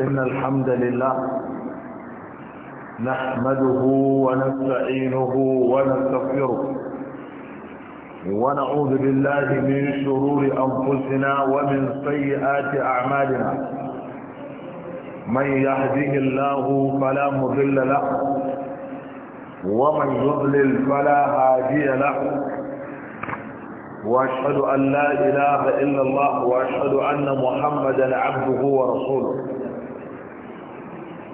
إن الحمد لله نحمده ونستعينه ونستغفره ونعوذ بالله من شرور أنفسنا ومن سيئات أعمالنا من يهده الله فلا مضل له ومن يضلل فلا هادي له واشهد ان لا اله الا الله واشهد ان محمدا عبده ورسوله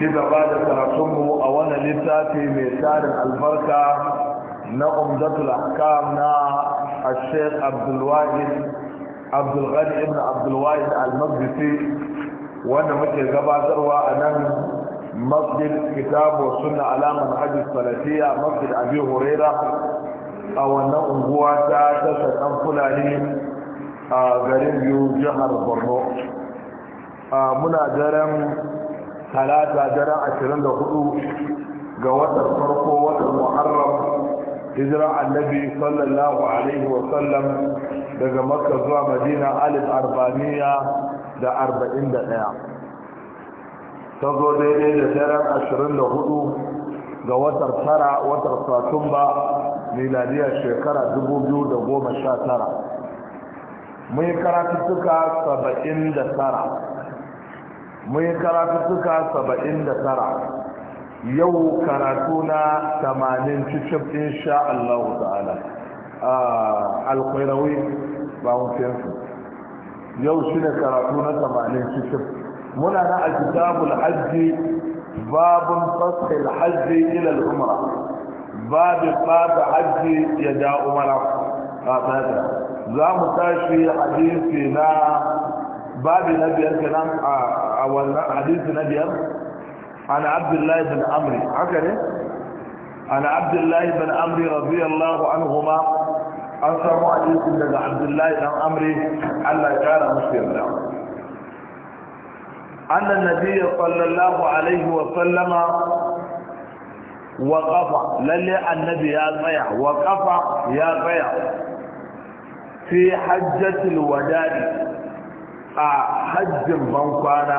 ci gaba da karatunmu a wannan littafi mai tarin albarka na umdatul ahkam na al-sheikh abdulwahid abdulghani ibn abdulwahid al-maqdisi wanda muke gabatarwa a nan masjid kitabu sunna alaman hajji salatiya masjid abi huraira a wannan unguwa ta tashar ɗan fulani a garin biyu jihar borno muna daren talata daren ashirin da hudu ga watan farko watan muharram hijira annabi sallallahu alaihi wasallam daga makka zuwa madina alif arbaniya da arba'in da ɗaya ta zo daidai da daren ashirin da hudu ga watar tara watar satumba Miladiya shekara dubu biyu da goma sha tara mun yi karatuttuka saba'in da tara mun yi karatuttuka saba'in da tara yau karatu na tamanin cikin insha Allah ta'ala alkhairawi ba mu su yau shi ne karatu na tamanin cikin muna na kitabul hajji babun fasil hajji ila al'umra babin fata hajji ya da umara za mu tashi hadisi na باب نبي الكلام آه، او حديث نبي انا عبد الله بن عمرو حكره انا عبد الله بن عمرو رضي الله عنهما اصحاب حديث النبي عبد الله بن عمرو الله جار مسلم ان النبي صلى الله عليه وسلم وقف للي النبي يا ضيع وقف يا ضيع في حجه الوداع a hajjin bankwana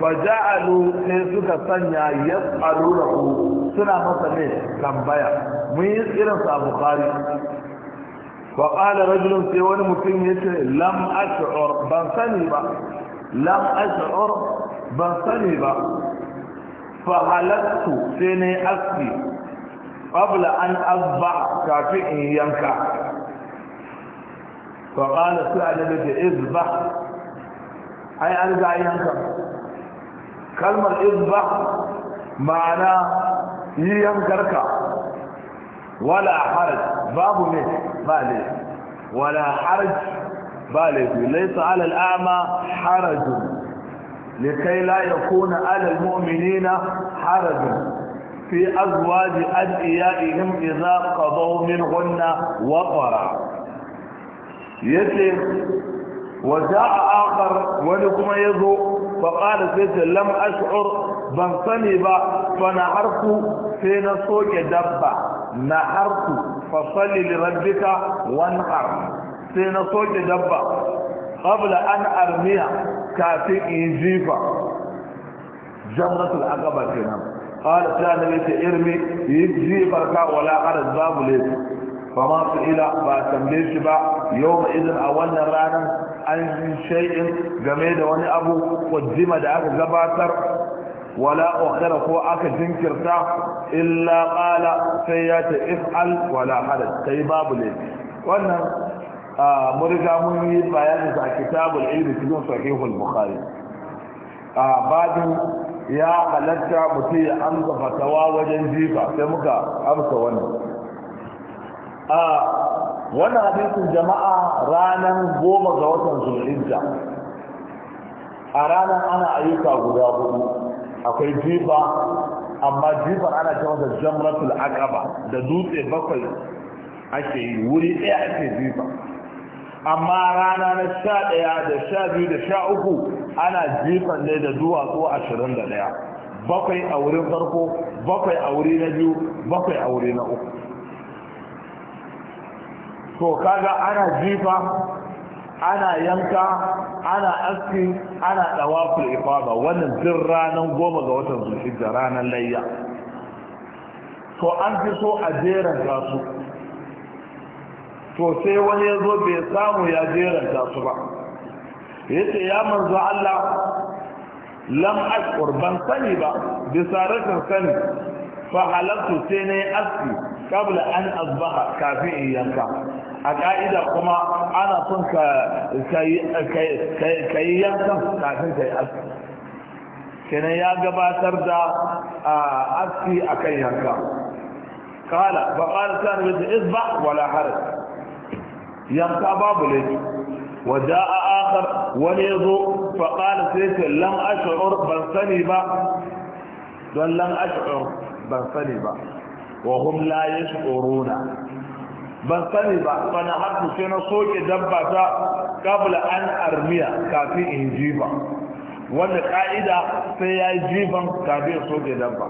faja'alu ne suka sanya yas'alu lahu suna masa ne tambaya mun yi irin sa bukhari wa qala rajulun sai wani mutum yace lam ash'ur ban sani ba lam ash'ur ban sani ba fa halattu sai ne aski qabla an azba kafin in yanka فقال سعلم في اذبح اي ارجع ينسى كلمة اذبح معنى ينكرك ولا حرج باب مه بالي ولا حرج بالي ليس على الاعمى حرج لكي لا يكون على المؤمنين حرج في ازواج ادعيائهم اذا قضوا منهن وقرا yace wa a akhar wani kuma zo ba qala sai lam ash'ur ban sani ba fa na harku sai na soke dabba na harku fa salli li rabbika sai na soke dabba qabla an armiya kafin in jifa jamratul aqaba kenan qala sai annabi ta irmi yi ka wala arz babu laysa fa ma su ila ba tambaye shi ba yau ma izin a wannan ranar an shay'in game da wani abu kuddima da aka gabatar wala ukhira ko aka jinkirta illa qala sai ya ta if'al wala hadath kai babu ne wannan mun mun yi bayani a kitabul ilmi cikin sahihul bukhari a babin ya halarta mutum ya amsa fatawa wajen jifa sai muka amsa wannan a wannan hadisin jama'a ranar goma ga watan zulhijja a ranar ana ayyuka guda hudu akwai jifa amma jifar ana ce masa jamratul aqaba da dutse bakwai ake yi wuri ɗaya ake jifa amma rana na sha ɗaya da sha biyu da sha uku ana jifan ne da duwatsu ashirin da ɗaya bakwai a wurin farko bakwai a wuri na biyu bakwai a wuri na uku to kaga ana jifa ana yanka ana aski ana dawaful ifada wannan duk ranar goma ga watan zulhijja ranar layya to an fi so a jeranta su to sai wani ya zo bai samu ya jeranta su ba ya ce ya manzo Allah lam ashkur ban sani ba bisa rashin sani fa halattu sai na yi aski kabla an asbaha kafin in yanka a ka'ida kuma ana son ka yi yankan kafin ka yi aski kenan ya gabatar da aski a kan yanka kala ba ƙara sa na bisa isba wala harin yanka babu ne. wadda a akar wani ya zo faƙala sai ce lan ash'ur ban sani ba don lan ash'ur ban sani ba wa hum la yash'uruna ban sani ba fana harfi sai na soke dabba ta kabla an armiya kafin in jifa wanda ka'ida sai ya yi jiban kafin ya soke dabba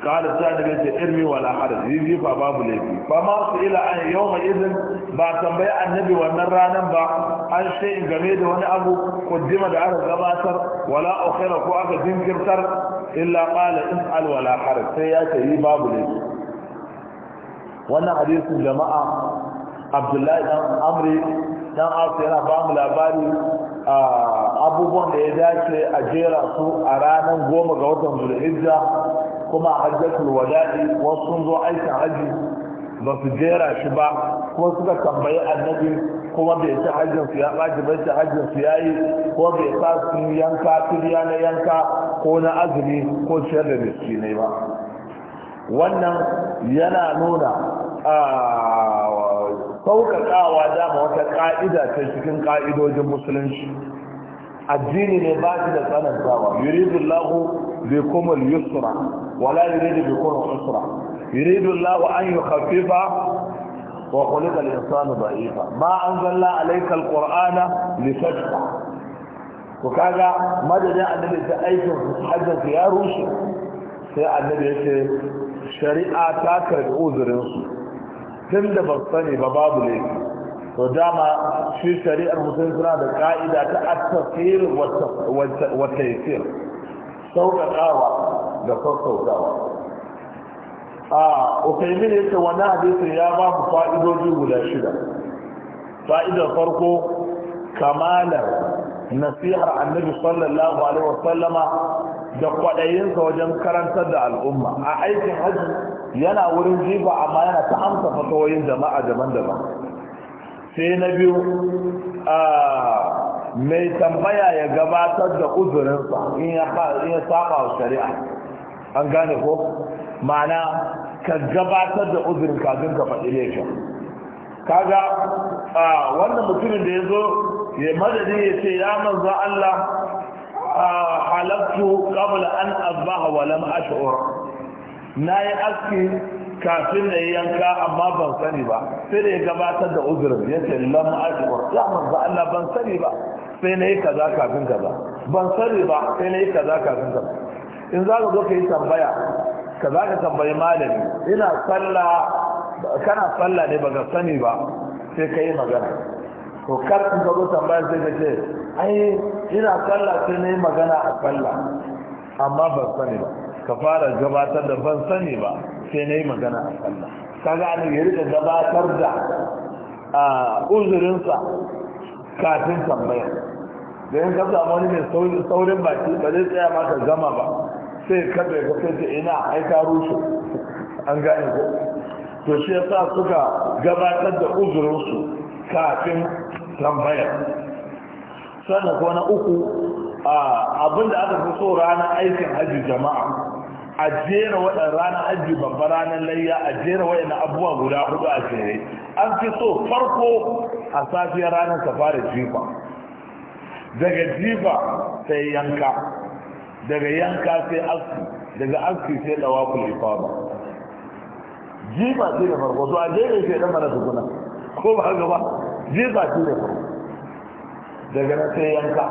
kada ta daga ce irmi wala harfi yi jifa babu laifi ba ma su ila an yau mai izin ba tambaya annabi wannan ranar ba an in game da wani abu kuddima da aka gabatar wala ukhira ko aka jinkirtar illa qala in al wala harfi sai ya ce yi babu laifi wannan hadisin jama'a abdullahi dan amri dan asu yana ba mu labari abubuwan da ya dace a jera su a ranar goma ga watan zulhijja kuma a hajjatul wada'i wasu sun zo aikin hajji ba su jera shi ba kuma suka tambayi annabi kuma bai ci hajjin su ya bai ci hajjin su ya yi ko bai sa su yanka turiya na yanka ko na azumi ko ciyar da miskinai ba wannan yana nuna sauƙaƙawa dama wata ƙa'ida ta cikin ƙa'idojin musulunci addini ne ba shi da tsanantawa yuridu lahu bi kumul yusra wala yuridu bi kumul usra yuridu lahu an yukhaffifa wa khuliqa al da da'ifa ma an alayka al-qur'ana litashqa Ku kaga madadin annabi ta aikin hajjin ya rushe sai annabi ya ce shari'a ta karbi uzurinsu tun da ba sani ba babu laifi to dama shi shari'ar musulun suna da ka'ida ta attafir wata yasir sauƙaƙawa da sassautawa a ukaimin ya ce wani hadisin ya ba mu fa'idoji guda shida fa'idar farko kamalar nasihar annabi sallallahu alaihi wasallama da kwaɗayinsa wajen karantar da al'umma a aikin hajji yana wurin jiba amma yana ta amsa fatawoyin jama'a daban-daban sai na biyu mai tambaya ya gabatar da uzurinsa in ya saba shari'a an gane ko ma'ana ka gabatar da uzurin kafin ka faɗi laifin kaga wannan mutumin da ya zo ya madadi ya ce ya manzo Allah halabtu qabla an azbaha wa lam ash'ur nayi aski kafin na yi yanka amma ban sani ba sai da ya gabatar da uzurin ya ce lam ash'ur ya manzo Allah ban sani ba sai na yi kaza kafin kaza ban sani ba sai na yi kaza kafin kaza in za ka zo ka yi tambaya ka za ka tambayi malami ina sallah kana sallah ne baka sani ba sai ka yi magana Ko kar ka zo tambaya sai ka ce ai ina sallah sai na yi magana a sallah amma ban sani ba ka fara gabatar da ban sani ba sai na yi magana a sallah kaga an ya rika gabatar da uzurinsa kafin tambaya da yin kasa wani mai saurin baki ba zai tsaya maka gama ba sai kada ya kasance ina aika rushe an gane ko to shi ya sa suka gabatar da uzurinsu kafin tambayar sannan ko na uku abinda aka fi so ranar aikin hajji jama'a a jera waɗanda ranar hajji babba ranar layya a jera waɗanda abubuwa guda hudu a jere an fi so farko a safiyar ranar ka fara jifa daga jifa sai yanka daga yanka sai aski daga aski sai dawa kulifaba jifa sai da farko so a jere sai da mara tukuna ko ba gaba zai zafi da kuma daga na sai yanka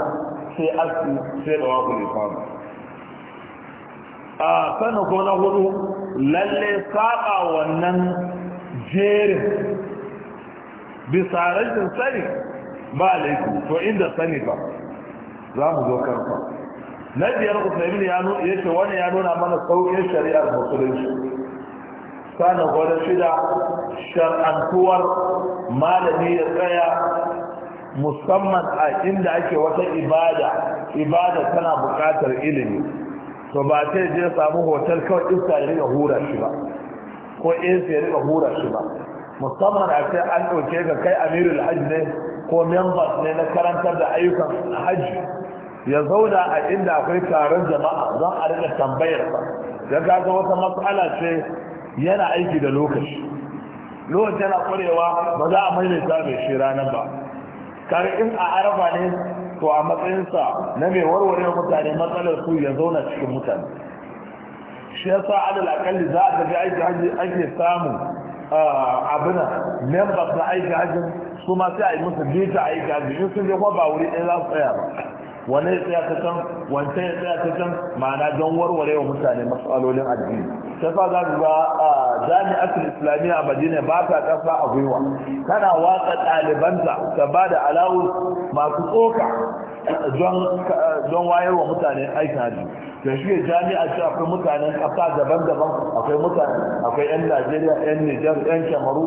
sai aski sai da wakul ifamu a sannan ko na hudu lalle saba wannan jerin bisa rashin sani ba laifi to inda sani ba za mu zo karfa na biyar usaimin ya ce wani ya nuna mana sauƙin shari'ar musulunci kana gwada shida shar'antuwar malami ya tsaya musamman a inda ake wata ibada ibada tana buƙatar ilimi to ba ta je samu hotel kawai iska ya rika hura shi ba ko AC ya rika hura shi ba musamman a ce an ɗauke ka kai amirul hajji ne ko members ne na karantar da ayyukan hajji ya zauna a inda akwai taron jama'a zan a rika tambayar ba ya gaga wata matsala ce yana aiki da lokaci lokaci yana kwarewa ba za a maimaita mai shi ranar ba kare in a araba ne to a matsayinsa na mai warware mutane matsalar su ya zauna cikin mutane shi yasa adal akalli za a tafi aiki hajji ake samu abin members na aiki hajji su ma sai a yi musu bita aiki hajji in sun je kuma ba wuri ɗaya za su tsaya ba wani ya tsaya ta can wancan ya tsaya ta can ma'ana don warware wa mutane matsalolin addini ta sa za ga jami'atul islamiyya a madina ba ta kasa a gwiwa tana watsa ɗalibanta ta ba da alawus masu tsoka don wayar wa mutane aikin hajji da shi jami'a ce akwai mutanen kasa daban-daban akwai mutane akwai 'yan najeriya 'yan nijar 'yan kyamaru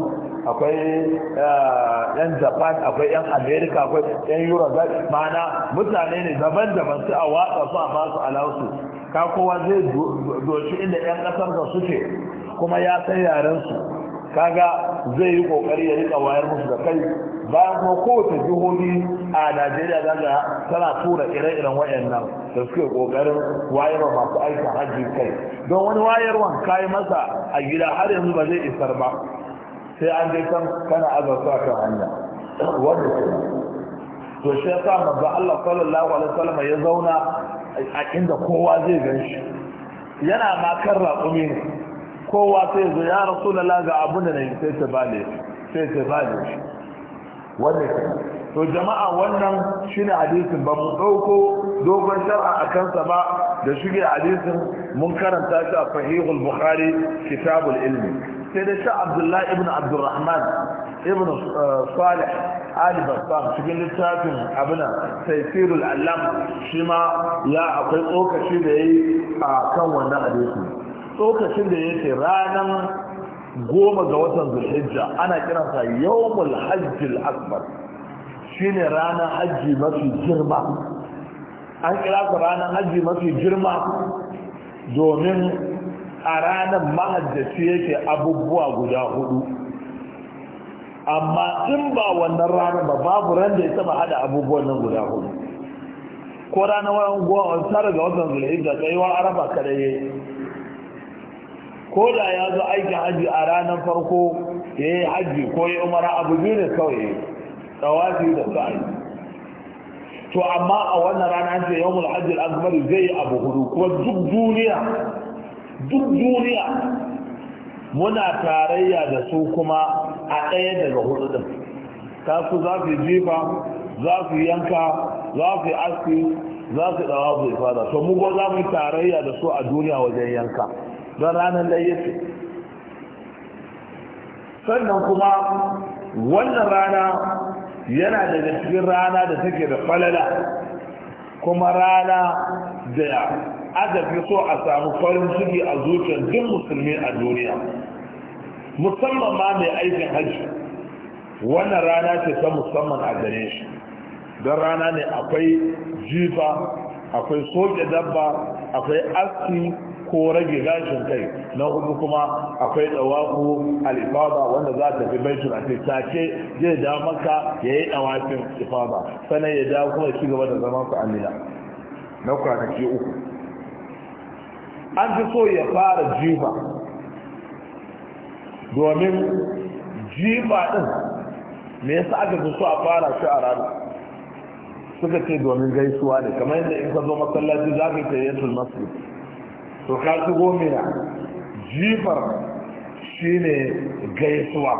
akwai 'yan japan akwai 'yan amerika akwai 'yan europe mana mutane ne ne daban-daban su a watsa su a ba su alawusu ka kowa zai doci inda 'yan kasar da suke kuma ya san yarensu kaga zai yi kokari ya rika wayar musu da kai bayan kuma kowace jihohi a najeriya zaga tana tura ire-iren wayannan da suke kokarin wayarwa masu aikin hajji kai don wani wayarwan kayi masa a gida har yanzu ba zai isar ba sai an je san kana azarta kan hanya wanda ke to shi yasa manzo Allah sallallahu alaihi wasallam ya zauna a inda kowa zai ganshi yana ma kan raƙumi ne kowa sai zo ya rasulullah ga abun da nayi sai ta bale sai ta bale shi wannan to jama'a wannan shine hadisin ba mu dauko dogon shar'a akan sa ba da shige hadisin mun karanta shi a sahihul bukhari kitabul ilmi sai dai sha abdullahi ibn abdurrahman ibn uh, salih ali cikin littafin abuna taifirul allam shi ma ya akwai tsokaci da ya yi a kan wannan tsokacin da ya ce ranar goma ga watan zulhijja ana kiransa yawmul hajjil akbar shine ranar hajji mafi girma an kira ranar hajji mafi girma domin a ranar mahajjaci yake abubuwa guda hudu amma in ba wannan ranar ba babu ran da ya taba hada abubuwan nan guda hudu ko ranar wani goma tara ga wasan zulai da tsayuwa araba kadaye ko da ya zo aikin hajji a ranar farko ya yi hajji ko ya umara abu biyu ne kawai tsawafi da sa'ayi to amma a wannan rana ce yawon hajji al'azumari zai yi abu hudu kuma duk duniya duk duniya muna tarayya da su kuma a ɗaya daga hudu ɗin ta su za su jifa za su yanka za su aski za su ɗawa su ifada to mu za mu tarayya da su a duniya wajen yanka don ranar layyace sannan kuma wannan rana yana da cikin rana da take da falala kuma rana da azabi so a samu farin ciki a zuciyar duk musulmi a duniya musamman ma mai aikin hajji wannan rana ce ta musamman a gare shi don rana ne akwai jifa akwai soke dabba akwai aski ko rage gashin kai na hudu kuma akwai dawaku alifaba wanda za ta fi baitul a tace zai da maka ya yi dawakin ifaba sannan ya dawo kuma ya ci gaba da zaman su amina na kwanaki uku an fi so ya fara jifa domin jifa ɗin me yasa aka fi so a fara shi a rana suka ce domin gaisuwa ne kamar yadda in ka zo masallaci za ka yi tayyatul masu to ka shigo na jifar shine gaisuwa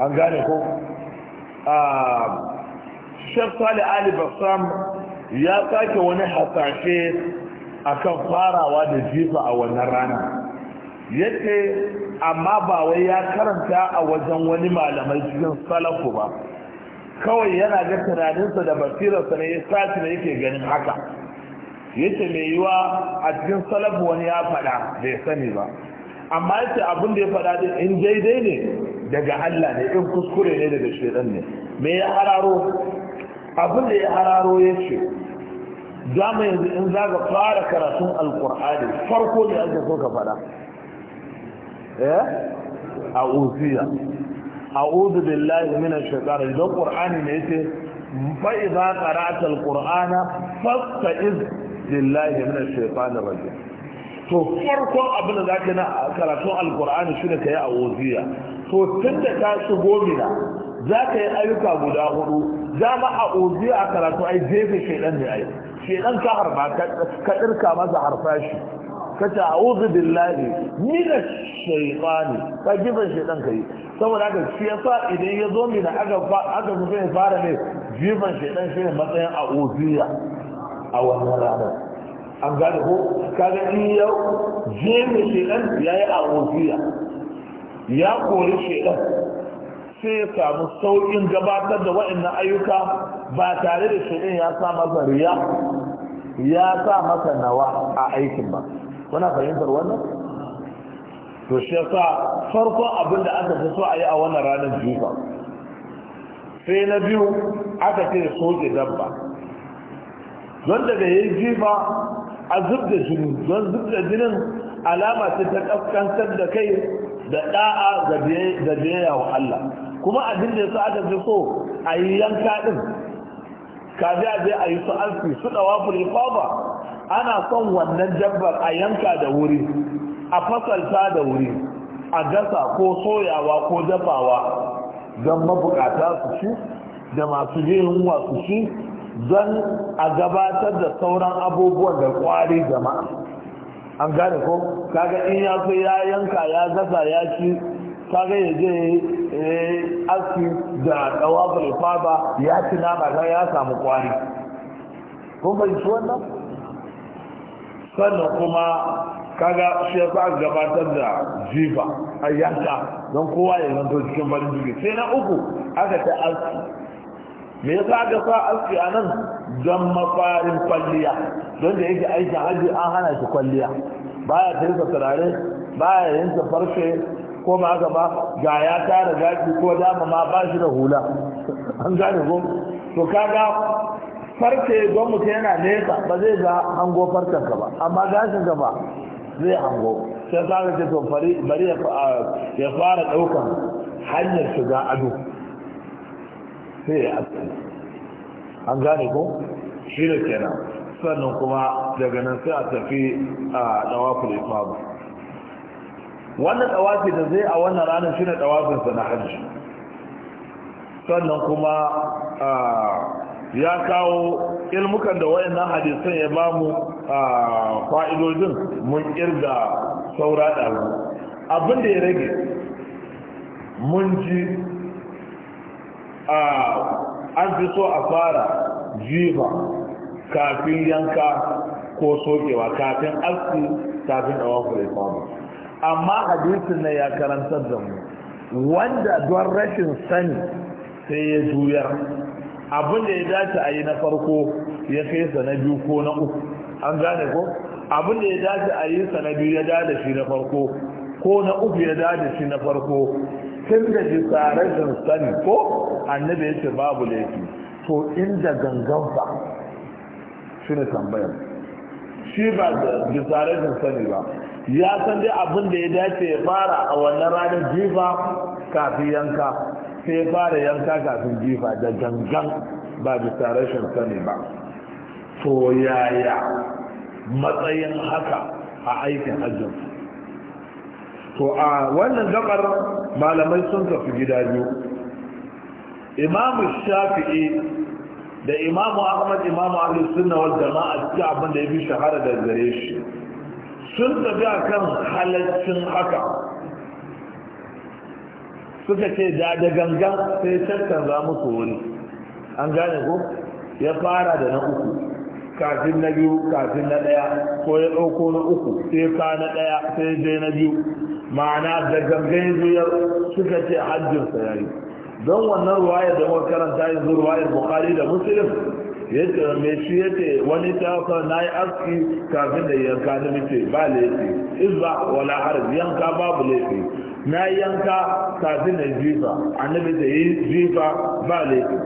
an gane ko a shek sali ali basam ya sake wani hasashe akan farawa da jifa a wannan rana yace amma ba wai ya karanta a wajen wani malamai cikin salafu ba kawai yana ga tunaninsa da basirarsa ne ya sace ne yake ganin haka yace mai yiwa a cikin salafu wani ya faɗa bai sani ba amma yace abin da ya faɗa din in daidai ne daga Allah ne in kuskure ne daga shedan ne me ya hararo abin da ya hararo yace za mu yanzu in za ka fara karatun alkur'ani farko ne ake so ka fada eh a uziya a'udhu billahi minash shaitani idan qur'ani ne yace fa idza qara'ta alqur'ana fasta'iz billahi minash shaitani rajim to farkon abin da zaka na karatun alqur'ani shine kai a'udhiya to tunda ka shigo mina zaka yi ayyuka guda hudu dama a'udhiya a karatu ai jefe shaidan ne ai shedan ka harba ka dirka masa harfashi ka ce a'udhu billahi minash shaytani ka gizon ka yi saboda haka shi yasa idan ya zo mina aka aka zai fara ne jifan shedan shi matsayin a a'udhiya a wannan ranar an gane ko kaga in ya je mai yi a a'udhiya ya kori shedan sai ya samu sauƙin gabatar da waɗannan ayyuka ba tare da shirin ya sa masa riya ya sa masa nawa a aikin ba kuna fahimtar wannan to shi yasa farkon abin da aka fi so a yi a wannan ranar jufa? sai na biyu aka ce soke dabba don daga yi jifa a zub da jini don zub da jinin alama ce ta kaskantar da kai da da'a da biyayya wa Allah kuma abin da ya aka fi so a yi yanka ɗin kaji a je a yi su alfi su ɗawa fulifaba ana son wannan dabbar a yanka da wuri a fasalta da wuri a gasa ko soyawa ko dafawa don mabukata su ci da masu jin su ci don a gabatar da sauran abubuwan da kwari jama'a an gane ko kaga in ya so ya yanka ya gasa ya ci kaga ya je eh, aski da dawafin ba ya ci nama ta ya samu kwari kun ci wannan sannan kuma kaga shi ya sa gabatar da jifa a yanka don kowa ya zanto cikin farin ciki sai na uku aka ta aski me yasa aka sa aski a nan don mafarin kwalliya don da yake aikin hajji an hana shi kwalliya baya ta yi turare baya yin farce ko ba haka ba ga ya tara gashi ko dama ma ba shi da hula an gane ko to kaga farce don mutum yana nesa ba zai ga hango farcen ka ba amma gashin ka ba zai hango sai ka ga to bari ya fara daukan hanyar shiga ado sai ya aske. an gane ko shi da kenan sannan kuma daga nan sai a tafi a dawakul ifadu wannan tawafi da zai a wannan ranar shi ne tawafinsa na hajji sannan kuma ya kawo ilmukan da wayannan hadisan ya ba mu fa'idojin mun kirga saura ɗaru abin da ya rage mun ji an fi so a fara jifa kafin yanka ko sokewa kafin aski kafin ya kuwa amma hadisin na ya karantar da mu wanda don rashin sani sai ya juyar abin da ya dace a yi na farko ya kai sa na biyu ko na uku an gane ko abin da ya dace a yi sa na biyu ya dada shi na farko ko na uku ya dada shi na farko tun da bisa rashin sani ko annabi ya ce babu laifi to inda gangan fa shi ne tambayar shi ba da bisa rashin sani ba ya san dai abin da ya dace ya fara a wannan ranar jifa kafin yanka sai ya fara yanka kafin jifa da gangan ba bisa rashin sani ba to yaya matsayin haka a aikin hajji. to a wannan gabar malamai sun kafi gida biyu imamu shafi'i da imamu ahmad imamu ahlus sunna wal jama'a cikin abin da ya bi shahara da gare shi sun tafi a kan halaccin haka suka ce da gangan sai za musu wuri an gane ko ya fara da na uku kafin na biyu kafin na ɗaya ko ya ɗauko na uku sai ka na ɗaya sai je na biyu ma'ana da gangan zuwa suka ce hajjinsa ya yi don wannan ruwayar da muka karanta yanzu ruwayar bukari da musulun yadda mai shi ya ce wani tafa na yi aski kafin da yanka na mace ba laifi ba wala harz yanka babu laifi na yi yanka kafin da jifa annabi da yi jifa ba laifi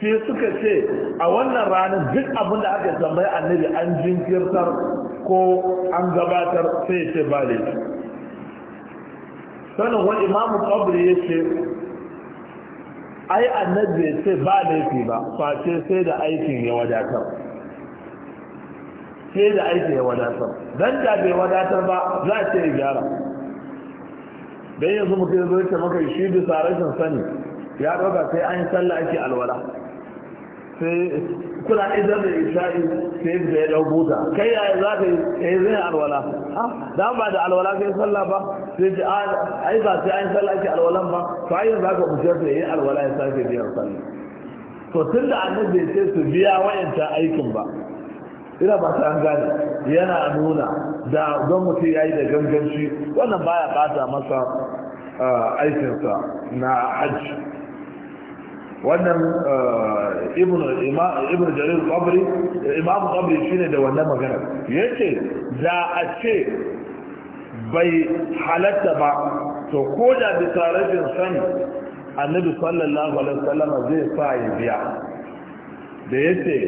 shi suka ce a wannan ranar duk abin da aka tambaye annabi an jinkirtar ko an gabatar sai ce ba laifi sanin wani imamu kabri ya ce ai annabi bai ce ba laifi ba face sai da aikin ya wadatar sai da aikin ya wadatar dan da bai wadatar ba za a ce gyara dan yanzu mutum zai ce maka shi bisa rashin sani ya ɗauka sai an yi sallah ake alwala sai kuna idan da isha'i sai da ya dau buta kai ya za ka yi eh, zai alwala da ba da alwala kai sallah ba sai ji ah, ai ba sai an sallah ke alwalan ba to ai yanzu ka kuce da yi alwala ya sake biyar sallah to tun da annabi bai ce su biya wayanta aikin ba ina ba ta gane yana nuna da don mutum ya yi da ganganci wannan baya bata masa ah, aikinsa na hajji wannan eh, ibn jarir qabri imam qabri shine da wannan magana yace da a ce bai halatta ba to ko da bisa rashin sani annabi sallallahu alaihi wasallam zai sa ya biya da yace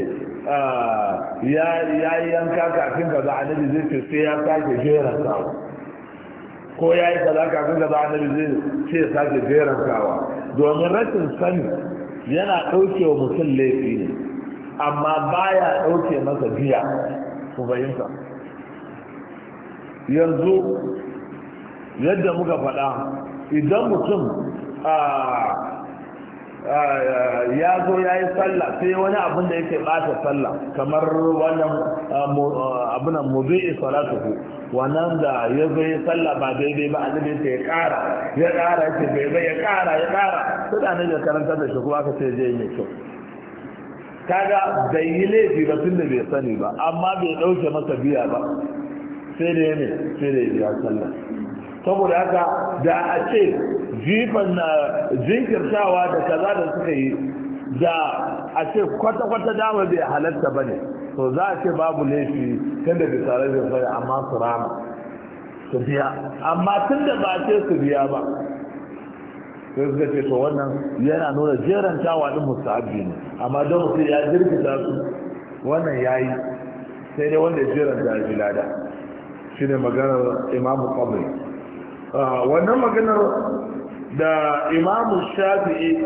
eh, ya yi yanka kafin kaza annabi zai ce sai ya sake jeran sawa ko ya yi kaza kafin kaza annabi zai ce sake jeran sawa domin rashin sani yana ɗauke wa mutum laifi ne amma baya ɗauke masa biya ku fahimta yanzu yadda muka faɗa idan mutum ah, ya zo ya yi sallah sai wani abin da yake bata sallah kamar wannan abin muzi'i wannan da ya zo ya sallah ba daidai ba annabi sai ya kara ya kara ya bai bai ya kara ya kara to da ne karanta da shi kuma ka sai je mai kyau kaga bai yi laifi ba tunda bai sani ba amma bai ɗauke masa biya ba sai da ya ne sai da ya sallah saboda haka da a ce jifan na jinkirtawa da kaza da suka yi da a ce kwata-kwata dama bai halatta ba ne to za a ce babu laifi kan da bisarar da zai amma su rama su biya amma tun da ba a ce su biya ba sai suka ce to wannan yana nuna jerantawa din musabi ne amma don mutum ya jirgita su wannan ya yi sai dai wanda jeranta ya shi lada shi ne maganar imamu kwamri Ah, wannan maganar da imamu shafi'i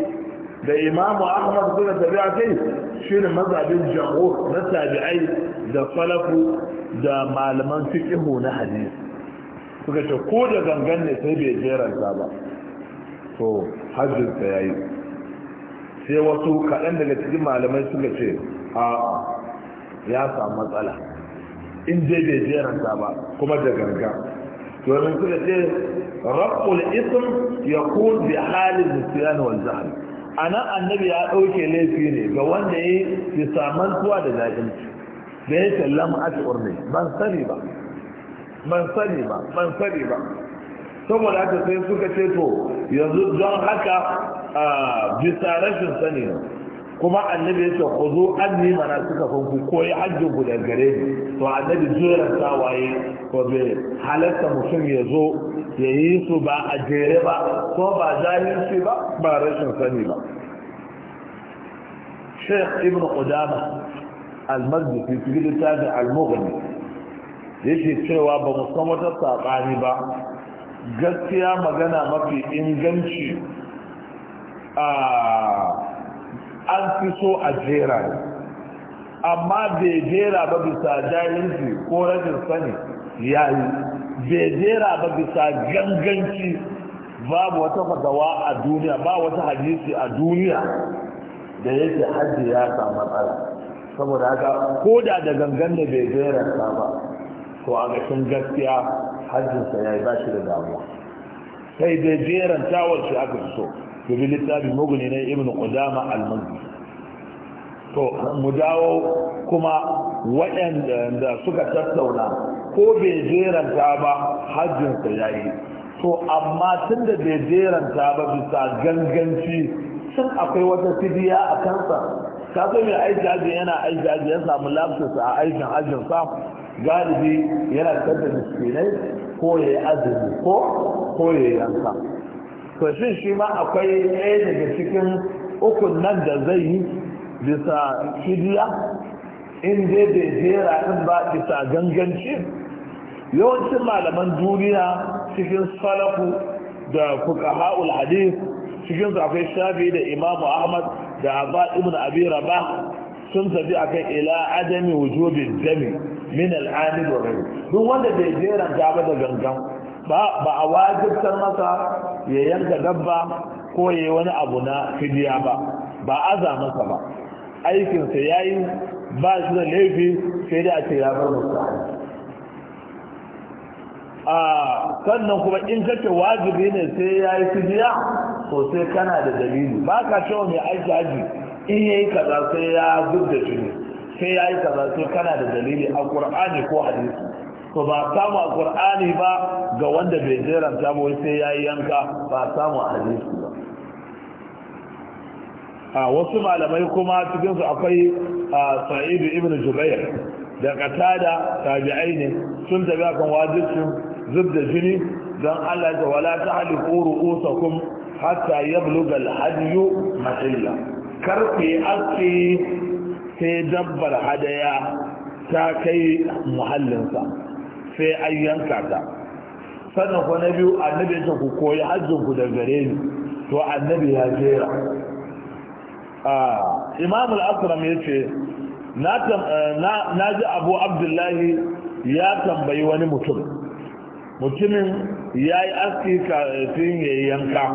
da imamu ahmad suna tafiya kai shi ne mazabin jamhur na tabi'ai da falafu da malaman fiƙihu na hadisi suka ce ko da gangan ne sai bai jeranta ba to hajjin ya yi sai wasu kaɗan daga cikin malamai suka ce a ya samu matsala in dai bai jeranta ba kuma da gangan domin suka ce rabbul ism ya kun bi halin nisyan wal zahl anan annabi ya laifi ne ga wanda ya fi saman tuwa da zalunci da ya sallama a urne ban sani ba ban sani ba ban sani ba saboda haka sai suka ce to yanzu don haka bisa rashin sani kuma annabi ya ce ku zo anni mana suka fanku ko ya hajjin ku gare ni to annabi jeran waye ko bai halatta mutum ya zo ya yi su ba a jere ba ko ba shi ba ba rashin sani ba Sheikh Ibn Qudama al-Majdi fi littafin al-Mughni yake cewa ba mu san wata sabani ba gaskiya magana mafi inganci a an fi so a jera ne amma bai jera ba bisa jahilci ko rashin sani ya yi bai jera ba bisa ganganci babu wata fadawa a duniya ba wata hadisi a duniya da yake hajji ya samu matsala saboda haka ko da da gangan da bai jera ba to a gashin gaskiya hajjinsa ya yi ba shi da damuwa sai bai jeran tawar shi aka so ku bi littafin muguni na ibn qudama al-munzi to mu dawo kuma waɗanda suka tattauna ko bai jeranta ba harjinsa ya yi to amma tun da bai jeranta ba bisa ganganci sun akwai wata fidiya a kansa ka mai aiki hajji yana aiki hajji ya samu lapsus a aikin hajjin sa galibi yana tattalin miskinai ko ya yi azumi ko ko ya yi yanka to shima shi ma akwai ɗaya daga cikin ukun nan da zai yi bisa fidiya in dai bai jera ɗin ba bisa ganganci yawancin malaman duniya cikin salafu da kuka ha'ul hadis cikin su akwai shafi da imamu ahmad da abba ibn abi rabah sun tafi akan ila adami wujubin jami min al'amil wa duk wanda bai jera gaba da gangan ba a wajibtar masa ya yanka dabba ko ya yi wani abu na fidiya ba ba aza masa ba aikinsa ya yi ba shi da laifi sai da a ce ya bar musa a sannan kuma in kace wajibi ne sai ya yi fidiya to sai kana da dalili ba ka cewa mai aiki aji in ya yi kaza sai ya zub da shi sai ya yi kaza sai kana da dalili a ƙur'ani ko hadisi to ba samu a qur'ani ba ga wanda bai jeranta ba sai yayi yanka ba samu a hadisi ba a wasu malamai kuma cikinsu akwai sa'idu ibn jubair da katada tabi'ai ne sun tabi akan wajibcin zub da jini don allah ta wala ta haliku ru'usakum hatta yabluga alhadiyu mahilla kar ku aski sai dabbar hadaya ta kai muhallinsa sai an yanka ta sannan ko na biyu annabi ya ku koyi hajjin ku daga gare ni to annabi ya jera ah, imam al akram ya ce na ji abu abdullahi ya tambayi wani mutum mutumin ya yi aski kafin ya yi yanka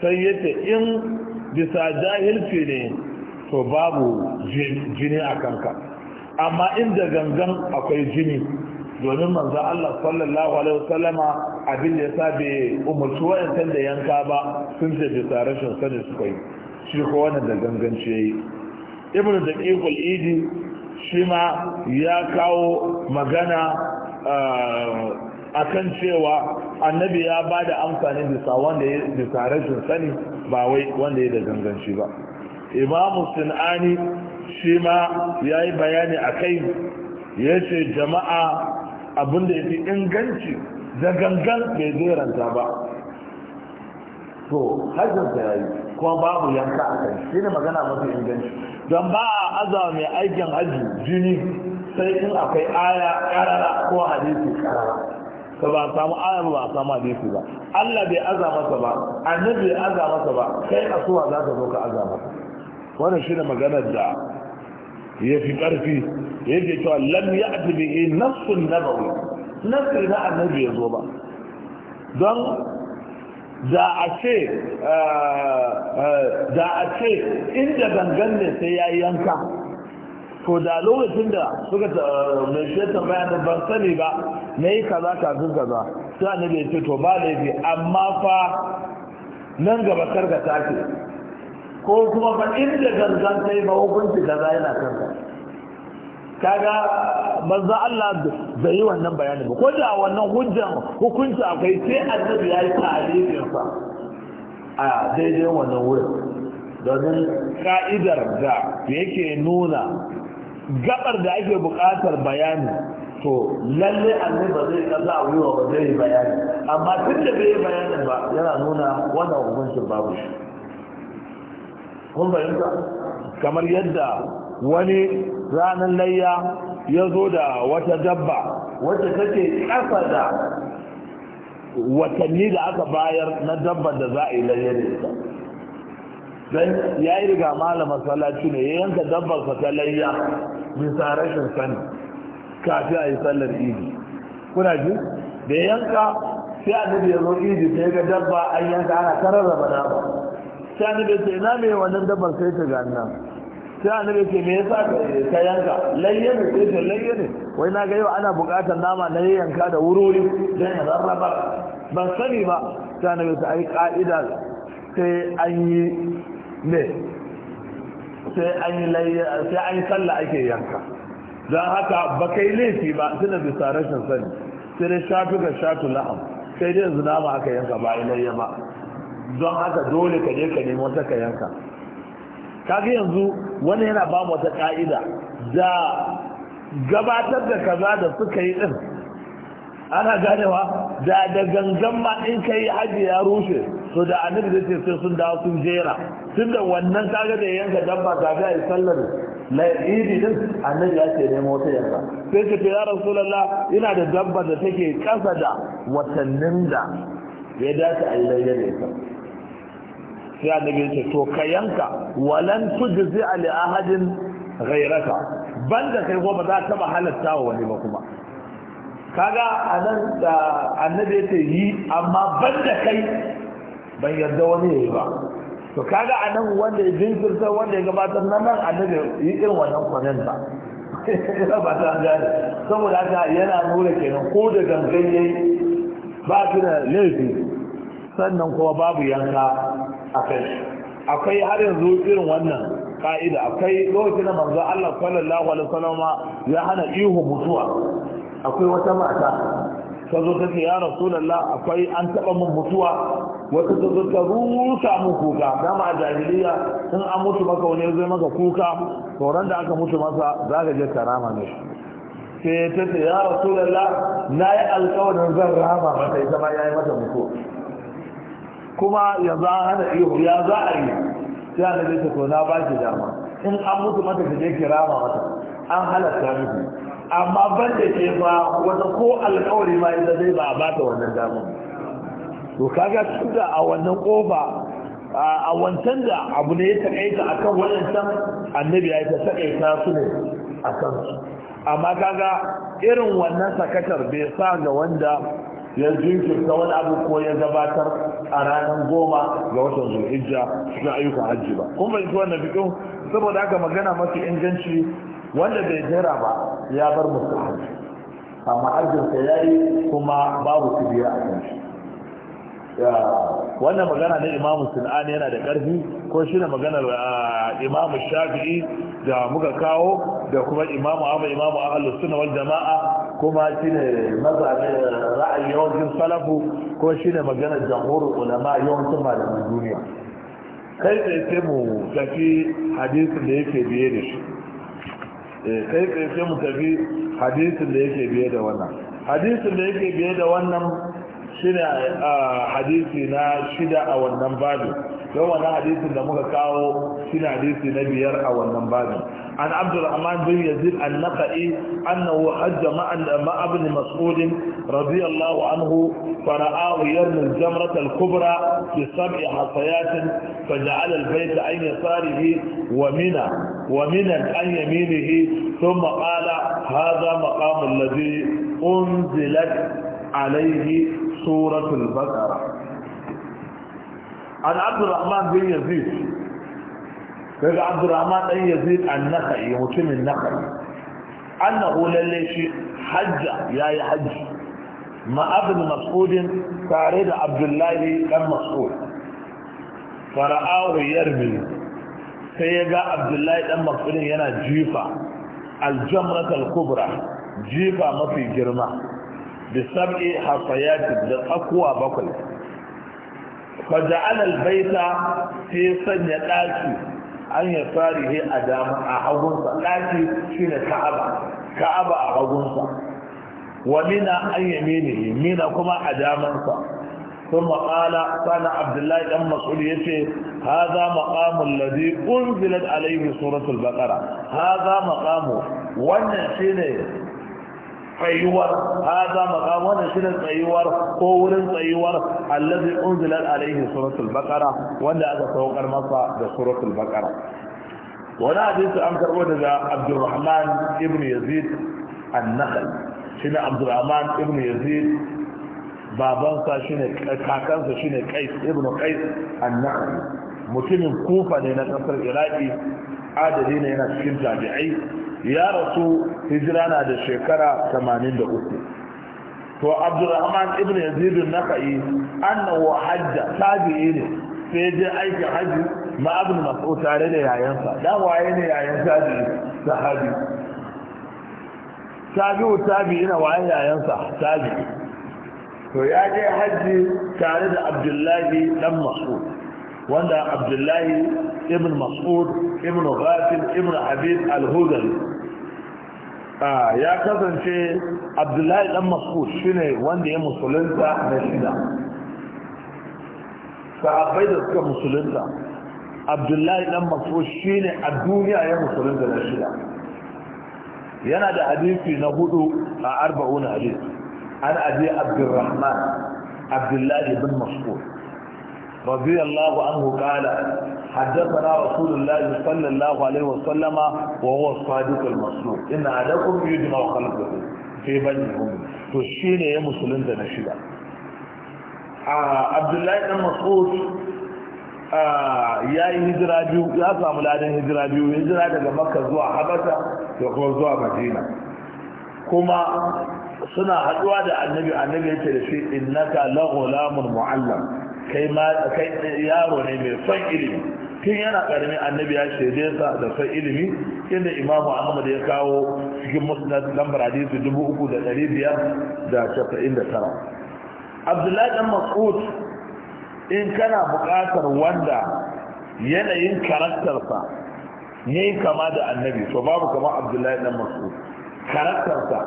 sai ya ce in bisa jahilci ne to babu jini a kanka amma inda gangan akwai jini domin manzo Allah sallallahu alaihi wasallama abin da yasa bai umurci wayancan da yanka ba sun ce bisa rashin sani suka yi shi ko wannan da ganganci yayi ibn daqiqul idi shi ma ya kawo magana eh, akan cewa annabi ya ba da amfani bisa wanda ya bisa rashin sani ba wai wanda ya da ganganci ba Imam sin'ani shi ma ya yi bayani a kai ya ce jama'a abinda ya fi inganci da gangan bai jeranta ba to hajjinsa ya yi kuma babu yanka a kai shi ne magana mafi inganci don ba a aza mai aikin hajji jini sai in akwai aya karara ko hadisi karara ka ba samu aya ba ba samu hadisi ba Allah bai aza masa ba annabi bai aza masa ba kai asuwa za ka zo ka aza masa wannan shi ne maganar da ya fi ƙarfi yake cewa lam ya'ti bihi nafsun nabawi nafsi na annabi ya zo ba don da a ce eh, eh, da a ce inda gangan ne sai ya yanka to da lokacin da suka eh, mai ta bayan ban sani ba na yi kaza zuga kaza sai annabi ya ce to ba laifi amma fa nan gaba karka take ko kuma fa inda gangan sai ba hukunci kaza yana karka. kaga manzo Allah zai yi wannan bayanin ba ko da wannan hujjan hukunci akwai sai annabi ya yi ta'alilin sa a daidai wannan wurin domin ka'idar da yake nuna gabar da ake buƙatar bayani to lalle annabi ba zai kaza a wuya ba zai bayani amma tun da bai bayanin ba yana nuna wannan hukuncin babu shi kun fahimta kamar yadda wani ranar layya ya zo da wata dabba wacce take ƙasa da watanni da aka bayar na dabban da za a yi layya da ita don ya yi riga malama salati ne ya yanka dabbar sa ta layya bisa rashin sani kafin a yi sallar idi kuna ji da yanka sai annabi ya zo idi sai ga dabba an yanka ana da ba sai annabi ya ce ina mai wannan dabbar sai ta ga nan sai annabi ce me yasa ka yanka layye ne sai ce layye ne wai na ga yau ana buƙatar nama na yanka da wuri don ya rarraba ban sani ba sai annabi ta ai ka'ida sai an yi ne sai an yi sai an yi sallah ake yanka don haka ba kai laifi ba sai na bisa rashin sani sai dai shafi ga shatu la'am sai dai yanzu nama aka yanka ba layya ba don haka dole ka je ka nemi wata ka yanka kaga yanzu wani yana ba mu wata ka'ida da gabatar da kaza da suka yi din ana ganewa da da gangan ma in kai haji ya rushe to da annabi zai ce sai sun dawo sun jera tun da wannan kaga da yanka dabba ga ai sallar na idi din annabi ya ce nemo wata yanka sai ce ya rasulullah ina da dabba da take kasa da watannin da ya dace a yi daidai da ita sai annabi ce to ka yanka walan tujzi ali ahadin ghayraka banda kai ko ba za ta ba halatta wa wani ba kuma kaga anan da annabi ya yi amma banda kai ban yarda wani yayi ba to kaga anan wanda ya jinkirta wanda ya gabatar nan nan annabi yi irin wannan kwanan ba ba ta gane saboda ta yana nuna kenan ko da gangan yayi ba shi da laifi sannan kuma babu yanka a kai akwai har yanzu irin wannan ka'ida akwai lokacin da manzo Allah sallallahu alaihi wasallam ya hana ihu mutuwa akwai wata mata ta zo ta ce ya rasulallah akwai an taɓa min mutuwa wata ta zo ta rusa min kuka dama a jahiliya in an mutu maka wani ya zai maka kuka tsoron da aka mutu masa za ka je ka ne sai ta ce ya rasulallah na yi alkawarin zan rama mata ita ma ya yi mata mutuwa kuma ya za hana ihu ya za a yi sai annabi ta to na ba ki dama in an mutu mata ki je kirama mata an halatta mutu. amma ban da ke fa wata ko alkawari ma ita zai ba a ba ta wannan damar to kaga tunda a wannan kofa a wancan da abu ne ya takaita akan waɗancan annabi ya ta takaita su ne akan su amma kaga irin wannan sakatar bai sa ga wanda ya jinkirta wani abu ko ya gabatar a ranar goma ga watan zulhijja na ayyukan hajji ba kun bai na bikin saboda aka magana mafi inganci wanda bai jera ba ya bar musu hajji amma arzinsa ya yi kuma babu su biya a kan shi wannan magana na imamu sun'ani yana da ƙarfi ko shi ne maganar ah, imamu shafi'i da muka kawo da kuma imamu abu imamu halittu suna wal jama'a kuma shi ne mazaɓe ra'ayi yawancin salafu ko shi ne maganar jamhurin ulama yawancin malamin duniya kai tsaye sai mu tafi hadisin da yake biye da shi eh, kai tsaye sai mu tafi hadisin da yake biye da wannan hadisin da yake biye da wannan shi ne ah, hadisi na shida a wannan babin. don wani hadisin da muka kawo shi hadisi na biyar a wannan babin an abdurrahman bin yazid an-naqai annahu hajja ma'a ibn mas'ud radiyallahu anhu fara'ahu yarmi al-jamrat al-kubra bi sab'i hasayatin faj'ala al-bayt an yasarihi wa mina wa mina an yaminihi thumma qala hadha maqam alladhi unzilat alayhi suratul baqara عن عبد الرحمن بن يزيد قال عبد الرحمن بن يزيد النخعي متم النخعي انه لليش حج يا حج ما ابن مسعود تعرض عبد الله بن مسعود فرآه يرمي سيجا عبد الله بن مسعود ينا جيفا الجمرة الكبرى جيفا ما في جرمه بسبع حصيات لأقوى بقلة faja'ala albaita sai sanya ɗaki an ya farihe a dama a hagunsa daki ka'aba ka'aba a hagunsa wa mina an yaminihi mina kuma a damansa ثم abdullahi ɗan عبد الله بن مسعود يتي هذا مقام الذي انزلت عليه سوره البقره هذا مقام wannan shine tsayuwar haza maqam wannan shine tsayuwar ko wurin tsayuwar allazi unzila alaihi suratul baqara wanda aka saukar masa da suratul baqara wani hadisi an karbo daga abdurrahman ibn yazid an-nakhl shine abdurrahman ibn yazid babansa shine kakansa shine qais ibn qais an-nakhl mutumin kufa ne na kasar iraki adali ne yana cikin tabi'ai ya rasu hijira na da shekara 83 to Abdulrahman ibn yazid an-nakhai annahu hajja tabi'i ne sai je aiki haji ma abin mas'ud tare da yayansa da waye ne yayan tabi'i sahabi tabi'u tabi'i na waye yayansa tabi'i to ya je haji tare da abdullahi dan mas'ud wanda abdullahi ibn mas'ud ibn ghafin ibn habib al-hudari ah, ya kasance abdullahi dan mas'ud shine wanda ya musulunta na shida sahabbai da suka musulunta abdullahi dan mas'ud shine a duniya ya musulunta na shida yana da hadisi na hudu a arba'una hadisi an abi abdurrahman abdullahi bin mas'ud رضي الله عنه قال حدثنا رسول الله صلى الله عليه وسلم وهو الصادق المصدوق إن عليكم يجمع خلقه في بني تشين يا مسلم ده نشيدا عبد الله بن مسعود ya yi hijira biyu ya samu ladan hijira biyu hijira daga makka zuwa Habasa, da kuma zuwa madina kuma suna haduwa da annabi annabi yake da shi innaka la ghulamun muallam kai yaro ne mai son ilimi tun yana karami annabi ya shaide sa da son ilimi inda imamu ahmad ya kawo cikin musnad lambar hadisi dubu uku da ɗari biyar da casa'in da tara abdullahi dan mas'ud in kana buƙatar wanda yanayin karaktarsa ya kama da annabi to babu kama abdullahi dan mas'ud karaktarsa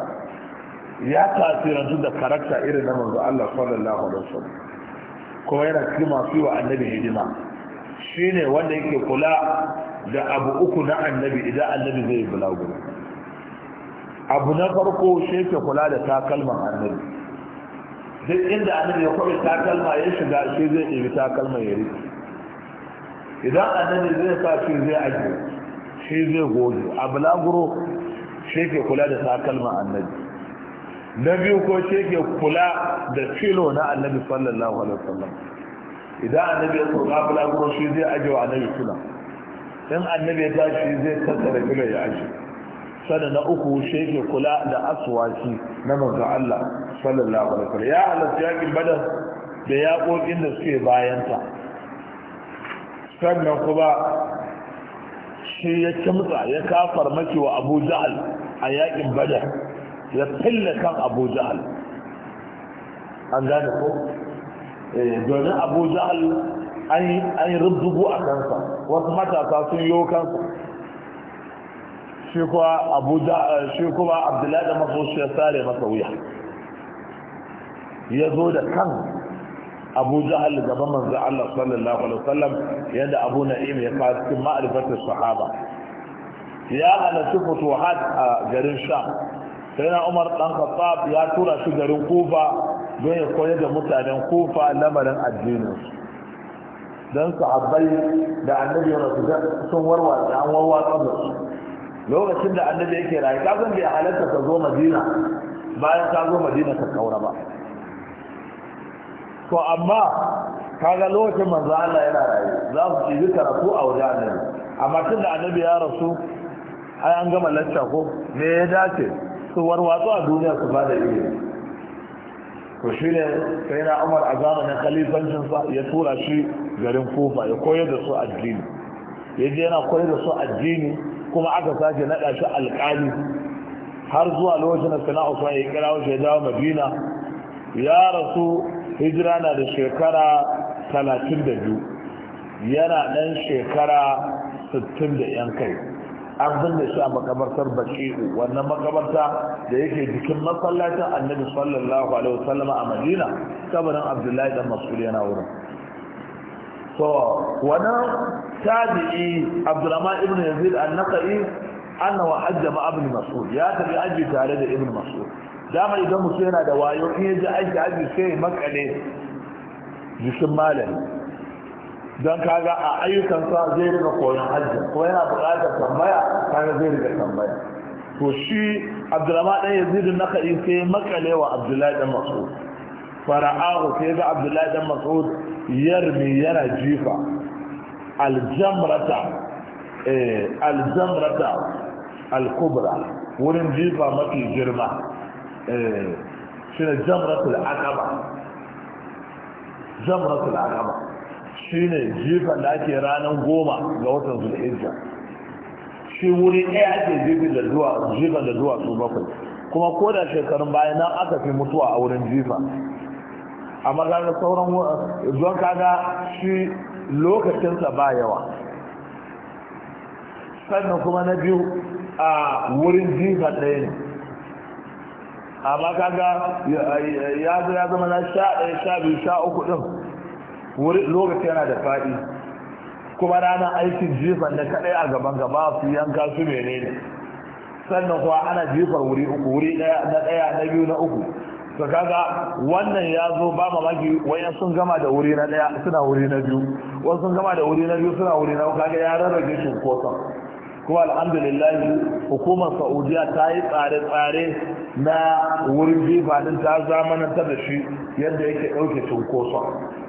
ya tasirantu da karakta irin na manzo Allah sallallahu alaihi wasallam kuma yana cikin masu yi wa annabi hidima shi ne wanda yake kula da abu uku na annabi idan annabi zai bulaguro abu na farko shi yake kula da takalman annabi duk inda annabi ya kwabe takalma ya shiga shi zai ɗebi takalman ya rike idan annabi zai sa shi zai ajiye shi zai goge a bulaguro shi yake kula da takalman annabi na biyu ko shi ke kula da filo na annabi sallallahu alaihi wasallam idan annabi ya sauka fila ko shi zai aje wa annabi fila in annabi ya tashi zai tattara fila ya aji. Sannan na uku shi ke kula da aswaki na manzo Allah sallallahu alaihi wasallam ya halatta yakin badar da yaƙoƙin da suke bayanta sannan kuma shi ya kimtsa ya kafar maki wa abu ja'al a yaƙin badar يتحل كم أبو جهل عن ذلك جونا أبو جهل أي أي رد بو أكانسا وسمعت أساسين يو كانسا شيكوا أبو جهل شيكوا عبد الله ما هو شيء سالم ما سويه يزود كان أبو جهل جب من زعل صلى الله عليه وسلم يد أبو نعيم يقال كم معرفة الصحابة يا أنا شوفوا توحد جرين شام sai na umar dan khattab ya tura shi garin kufa don ya koyar da mutanen kufa lamarin addinin don sahabbai da annabi rasu sun da an warwatsa da su lokacin da annabi yake rayu ka san bai halatta ka zo madina bayan ka zo madina ka kaura ba to amma kaga lokacin manzo Allah yana rayu za su ci karatu a wajen annabi amma da annabi ya rasu ai an gama lacca ko me ya dace su warwatsu a duniya su bada ilimi ko shi ne sai na umar a zamanin khalifancinsa ya tura shi garin kufa ya koyar da su addini ya je yana koyar da su addini kuma aka sake naɗa shi alƙali har zuwa lokacin da sana usman ya kira shi ya dawo madina ya rasu hijira na da shekara talatin da biyu yana ɗan shekara sittin da yan kai an binne shi a makabartar bashiru wannan makabarta da yake jikin masallacin annabi sallallahu alaihi wasallam a madina kabarin abdullahi dan mas'ud yana wurin so wannan tabi'i abdurrahman ibn yazid an-naqi annahu hajja ma ibn mas'ud ya tabi aji tare da ibn mas'ud dama idan mutum yana da wayo in ya ji aji aji sai makale jikin malami don kaga a ayyukan ayyukansa zai riga koyon hajji ko yana buƙatar tambaya kaga zai riga tambaya to shi abdulrahman ɗan yazidu na kaɗi sai makale wa abdullahi ɗan mas'ud fara'ahu sai ga abdullahi ɗan mas'ud yarmi yana jifa aljamrata eh, aljamrata alkubra wurin jifa mafi girma eh, shi ne jamratul aqaba jamratul aqaba shine jifan da ake ranar goma ga watan zulhijja shi wuri ɗaya ake jifin da zuwa jifan da zuwa su bakwai kuma ko da shekarun bayan nan aka fi mutuwa a wurin jifa amma da sauran zuwan kaga shi lokacinsa ba yawa sannan kuma na biyu a wurin jifa ɗaya ne amma kaga ya zama na sha ɗaya sha biyu sha uku ɗin lokaci yana da faɗi kuma ranar aikin jifan da kaɗai a gaban gaba su yanka su ne sannan kuwa ana jifar wuri uku wuri na ɗaya na biyu na uku to kaga wannan ya zo ba mamaki wayan sun gama da wuri na ɗaya suna wuri na biyu wasu sun gama da wuri na biyu suna wuri na uku kaga ya rarrage cunkoson kuma alhamdulillah hukumar saudiya ta yi tsare-tsare na wurin jifa din ta zamanantar da shi yadda yake ɗauke cunkoson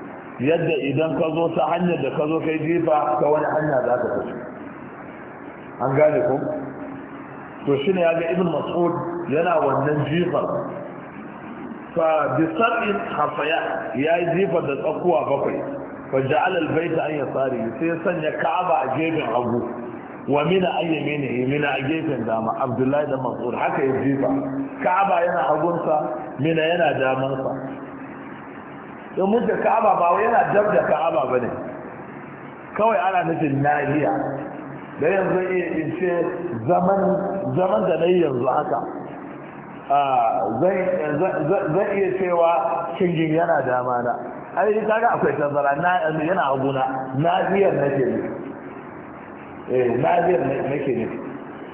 yadda idan ka zo ta hanyar da ka zo kai jifa ta wani hanya za ka tafi an gane ku to shi ne ya ga ibn mas'ud yana wannan jifar fa bi sar'in hafaya ya yi jifar da tsakuwa bakwai fa ja'ala al-baita an yasari sai ya sanya ka'aba a gefen hagu wa mina an yamini mina a gefen dama abdullahi da mas'ud haka ya jifa ka'aba yana hagunsa mina yana damansa domin da ka'aba ba wai yana dab da ka'aba ba ne kawai ana nufin nahiya da yanzu iya ce zaman da na yi yanzu haka zan iya cewa cikin yana dama na ai kaga akwai tazara yana aguna nahiyar nake eh, ne nake ne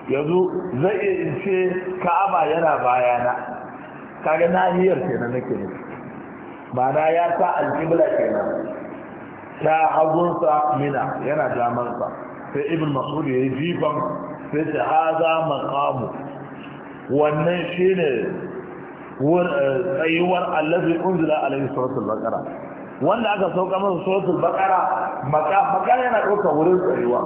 yanzu zai iya in ce ka'aba yana bayana kaga nahiyar kenan nake ne mana ya sa alƙibla kenan ta hagunsa mina yana sa. sai ibn mas'ud ya yi jifan sai ta haza maqamu wannan shine eh, tsayuwar allazi unzila alaihi suratul baqara wanda aka sauka masa suratul baqara makam yana ɗaukar wurin tsayuwa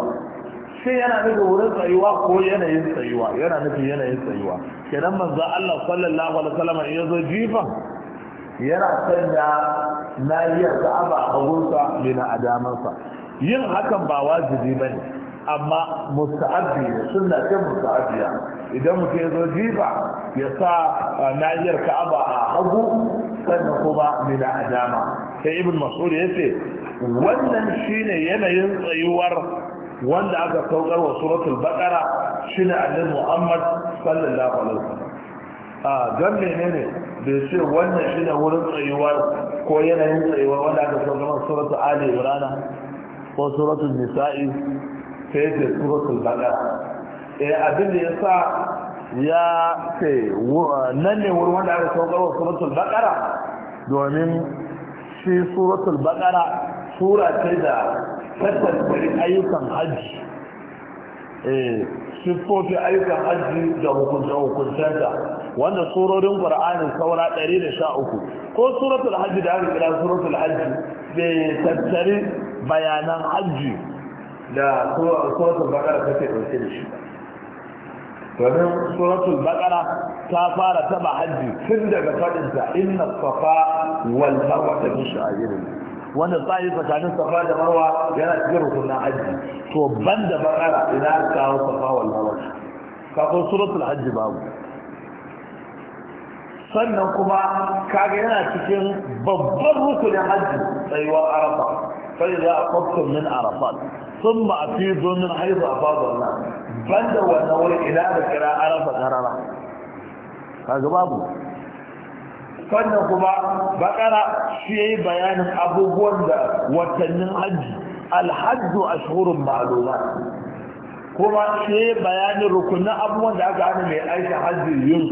sai yana nufin wurin tsayuwa ko yanayin tsayuwa yana nufin yanayin tsayuwa kenan manzo Allah sallallahu alaihi wasallam ya zo jifan yana sanya nahiyar ka'aba hagunsa ne na adamansa yin hakan ba wajibi bane amma musta'abi ne sunna ce musta'abiya idan muke zo jiba ya sa nahiyar ka'aba a hagu sannan kuma ne na adama sai ibn mas'ud yace wannan shine yanayin tsayuwar wanda aka saukar wa suratul baqara shine annabi Muhammad sallallahu alaihi wasallam a don menene bai ce wannan shi ne wurin tsayuwa ko yanayin tsayuwa wanda aka sau zama suratu ali rana ko suratu nisa'i sai ce suratu baqara eh abin da ya sa ya ce nan ne wurin wanda aka sau zama suratu baqara domin shi suratu baqara sura ce da tattalin ayyukan hajji Eh, siffofi aikin hajji da hukunce-hukuncenta wanda surorin ƙwar'anin saura 113 ko suratul hajji da aka kira suratul hajji bai tattari bayanan hajji da suratul bakara kake ɗauke da shi domin suratul bakara ta fara taba hajji tun daga faɗinta inna safa wal marwa ta min sha'irin wanda tsayi tsakanin safa da marwa yana cikin rukunin hajji to ban da bakara ina kawo safa wal marwa kafin suratul hajji babu sannan kuma kaga yana cikin babban rukunin hajji tsayuwar arafa sai za a kwabtun min arafat sun ma a fi domin haizu a fadon nan ban da wannan wani ina da kira arafa na karara kaga babu sannan kuma bakara shi yi bayanin abubuwan da watannin hajji alhajju ashhurun ma'luma kuma shi yi bayanin rukunin abubuwan da aka hana mai aisha hajji yin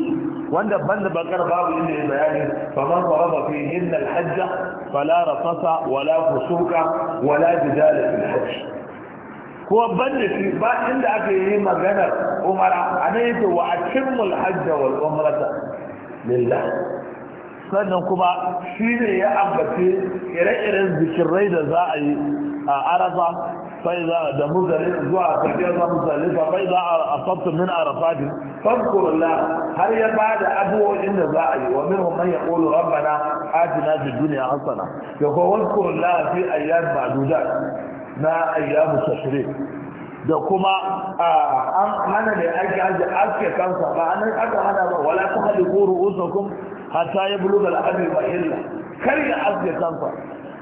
wanda da bakar babu inda ya bayani faman faraba fi hinna alhajja fala rafasa wala fusuka wala jidala fil hajj ko ban da shi ba inda aka yi maganar umara a nan yake wa a hajja wal umrata lillah sannan kuma shi ne ya ambace ire-iren zikirai da za a yi a arafa fai za da muzari zuwa tafiyar za musalifa fai za a asabtu min arafa arafati fadkurullah har ya ba da abubuwan da za a yi wa min man yaqulu rabbana atina fid duniya hasana ya kowar wadkurullah fi ayyam ma'dudat na ayyar tashrik da kuma an hana mai aiki aske kansa ba an aka hana ba wala ta hali goro kun? hatta ya bulu da al'adar ba illa kar ya aske kansa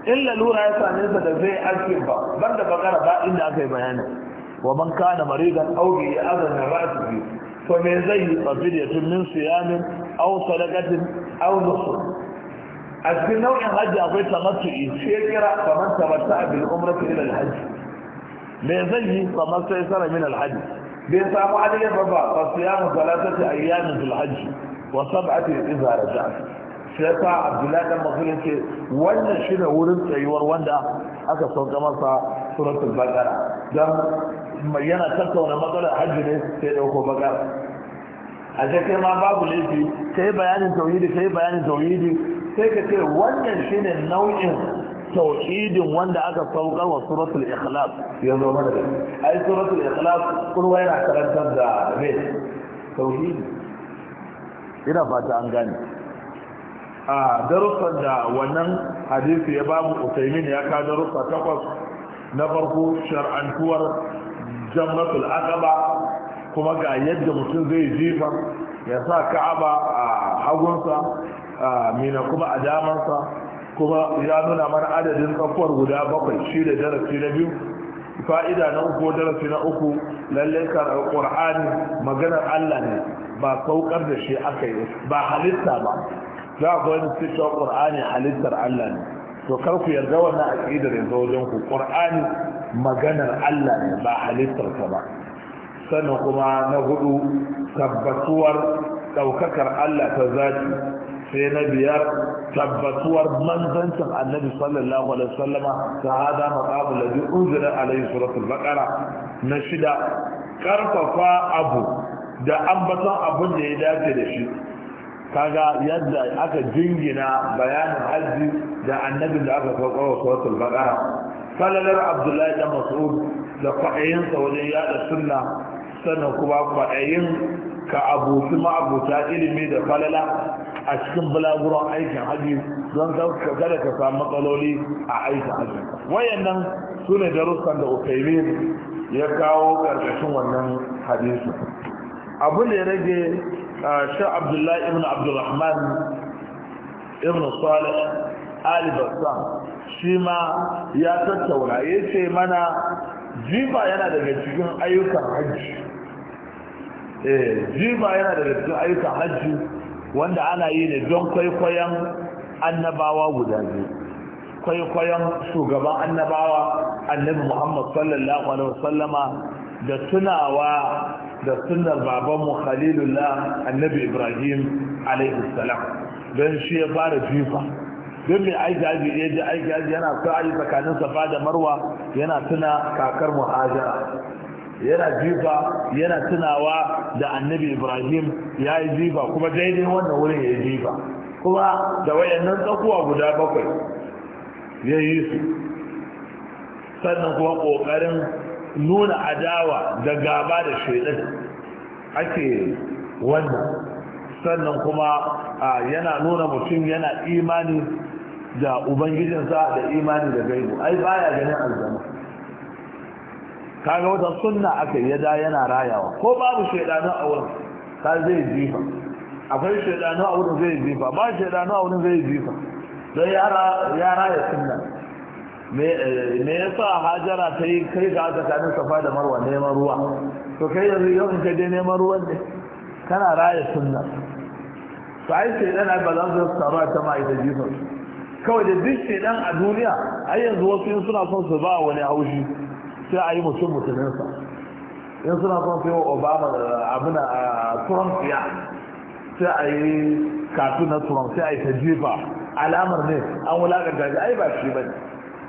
illa lura ya same sa da zai aske ba ban da bakara ba inda aka yi bayani wa man kana maridan auge ya azana ra'su bi to me zai yi fafidiyatun min siyamin aw sadaqatin aw nusuk a cikin nau'in hajji akwai tamattu'i sai kira kamar tamatta bil umrati ila al hajji me zai yi fa sai sara min alhaji bai samu adalin ba ba fa siyamu salatati ayyamin alhaji. wa sab'ati idza raja'at sai ta abdullahi dan mas'ud ce wannan shine wurin tsayuwar wanda aka sauka masa suratul baqara dan yana tattauna matsalar hajji ne sai dauko baqara a kai ma babu laifi kai bayanin tauhidi kai bayanin tauhidi sai ka ce wannan shine nau'in tauhidin wanda aka saukar wa suratul ikhlas ya zo mana da ai suratul ikhlas kurwa yana karantar da ne tauhidi ina fata an gane a darussan da wannan hadisi ya babu usaimin ya ka darussa takwas na farko shar'antuwar jamratul aqaba kuma ga yadda mutum zai jifa ya sa ka'aba a hagunsa mina kuma a damansa kuma ya nuna mana adadin tsakuwar guda bakwai shi da darasi na biyu fa'ida na uku darasi na uku lallai ka ƙur'ani maganar Allah ne ba saukar da shi aka yi ba halitta ba za ku wani cikin qurani halittar Allah ne to kar ku yarda wannan aƙidar yanzu wajen ku ƙur'ani maganar Allah ne ba halittar ta ba sannan kuma na hudu tabbatuwar ɗaukakar Allah ta zati sai na biyar tabbatuwar manzancin annabi sallallahu alaihi wasallama ta hada maqamu ladhi unzila alaihi suratul na shida ƙarfafa abu da ambaton abin da ya dace da shi kaga yadda aka jingina bayanin hajji da annabin da aka sauka wa suratul baqara abdullahi da mas'ud da fa'ayin wajen yada sunna sannan kuma fa'ayin ka abuci ma'abuta ilimi da falala a cikin bulaguron aikin haji don kada ka samu matsaloli a aikin haji wayannan su ne darussan da ukaimi ya kawo ƙarƙashin wannan hadisu. abu ne rage sha abdullahi ibn abdulrahman ibn salih ali shi ma ya tattauna ya ce mana jifa yana daga cikin ayyukan hajji Eh, jima yana da cikin ayyukan hajji wanda ana yi ne don kwaikwayon annabawa guda biyu kwaikwayon shugaban annabawa annabi muhammad sallallahu alaihi wasallama da tunawa da sunnar babanmu khalilullah annabi ibrahim alaihi salam don shi ya fara jifa don mai aiki aji ya ji aiki aji yana kai aji tsakanin safa da marwa yana tuna kakar muhajara yana jifa yana tunawa da annabi ibrahim ya yi jifa kuma daidai wannan wurin ya yi jifa kuma da wayannan tsakuwa guda bakwai ya yi su sannan kuma ƙoƙarin nuna adawa da gaba da shaidan ake wannan sannan kuma yana nuna mutum yana imani da ubangijinsa da imani da gaibu ai baya ganin alzama kaga wata sunna aka ya da yana rayawa ko babu shaidanu a wurin ka zai jifa akwai shaidanu a wurin zai jifa ba shaidanu a wurin zai jifa don ya raya sunna me eh, ya sa hajara ta yi kai ga tsakanin safa da marwa neman ruwa to kai yanzu yau in ka je neman ruwan ne kana raya sunna to ai shaidana ba za su taru a ta ma'aikata jifa kawai da duk shaidan a duniya ai yanzu wasu suna son su ba wani haushi sai a yi mutum mutuminsa in suna son sai wa obama abin a trump ya sai a yi kafin na trump sai a yi ta jefa alamar ne an wulaƙanta gaji ai ba shi ba ne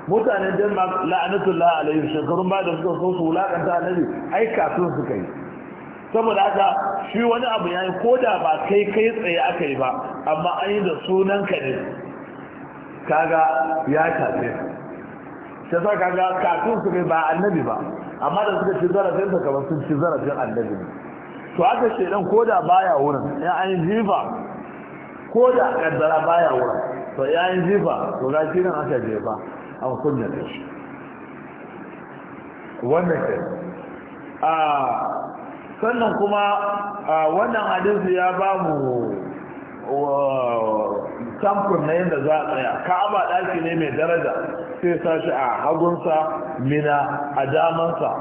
mutanen denmark la'anatullah alayhi shekarun ba da suka sosu su wulaƙanta annabi ai kafin suka yi saboda haka shi wani abu ya yi ko da ba kai kai tsaye aka yi ba amma an yi da sunanka ne kaga ya tafe ta sa kaga kafin su ne ba annabi ba amma da suka ci zarafin sa kamar sun ci zarafin annabi ne to ce dan koda baya wurin ya an jifa koda kaddara baya wurin to ya an jifa to ga shi nan aka jefa an kunya da shi wannan ke a sannan kuma wannan hadisi ya ba mu samfur na yadda za a tsaya ka'aba ɗaki ne mai daraja sai sa shi a hagunsa mina a damansa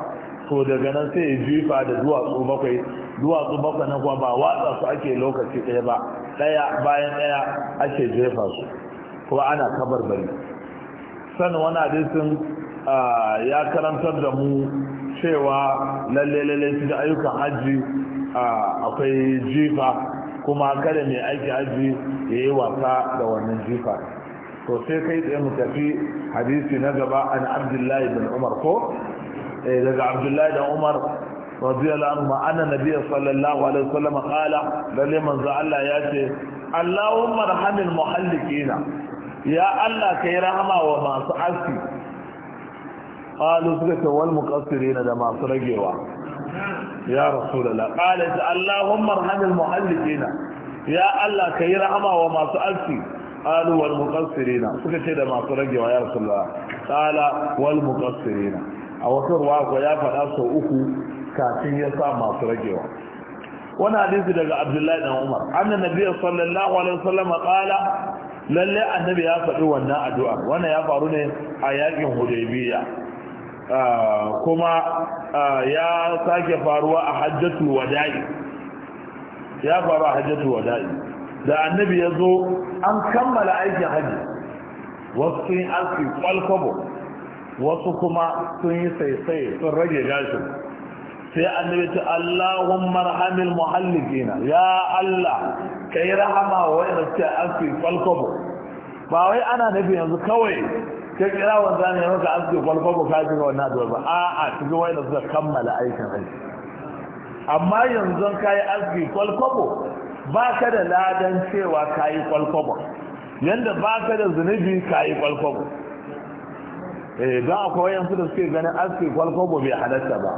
to daga nan sai ya jifa da duwatsu bakwai duwatsu bakwai na kuwa ba watsa su ake lokaci ɗaya ba ɗaya bayan ɗaya ake jefa su kuma ana kabar bari san wani hadisin ya karantar da mu cewa lalle lalle cikin ayyukan hajji akwai jifa kuma kada mai aiki hajji ya yi wasa da wannan jifa to sai kai tsaye mu tafi hadisi na gaba an abdullahi bin umar ko eh, daga abdullahi da umar radiyallahu anhu anna nabiy sallallahu alaihi wasallam qala lalle manzo Allah ya ce Allahumma arhamil muhallikina ya Allah kai rahama wa masu aski qalu suka ce wal muqassirina da masu ragewa ya rasulullah qala Allahumma arhamil muhallikina ya Allah kai rahama wa masu aski qalu wal muqassirina suka ce da masu ragewa ya rasulullah qala wal muqassirina a wata ruwa ko ya faɗa sau uku kafin ya sa masu ragewa wani hadisi daga abdullahi dan umar anna nabiyyu sallallahu alaihi wasallam qala lalle annabi ya faɗi wannan addu'a wannan ya faru ne a yakin hudaybiya kuma ya sake faruwa a hajjatul wada'i ya faru a hajjatul wada'i da annabi ya zo an kammala aikin hajji wasu sun yi alfi kwalkwabo wasu kuma sun yi saisaye sun rage gashin sai annabi ta allahun marhamil muhallikina ya allah ka yi rahama wa yana ce alfi kwalkwabo ba wai ana nufi yanzu kawai ka kira wanda ne maka alfi kwalkwabo ka ji wannan aduwa ba a'a cikin da suka kammala aikin hajji amma yanzu ka yi alfi kwalkwabo ba ka da ladan cewa ka yi kwalkwabo yadda ba ka da zunubi ka yi kwalkwabo eh don akwai yansu da suke ganin aski kwalkwabo bai halatta ba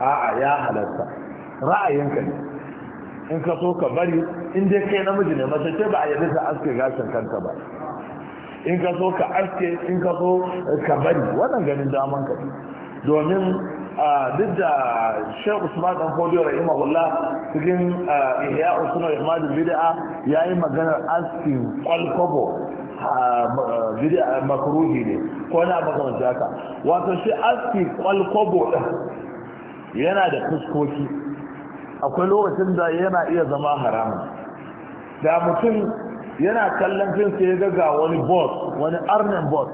a'a ya halatta ra'ayinka ne in ka so ka bari in dai kai namiji ne mace ce ba a yadda ta aske gashin kanta ba in ka so ka aske in ka so ka bari wannan ganin daman ka domin duk da shan usman dan fodiyo rahimahullah cikin ihya usman ihmadu bid'a yayi maganar askin kwalkwabo makruhi ne ko na makamanta haka wato shi aski kwalkwabo yana da fuskoki akwai lokacin da yana iya zama haramun da mutum yana kallon fim sai ya ga wani bot wani arnin bot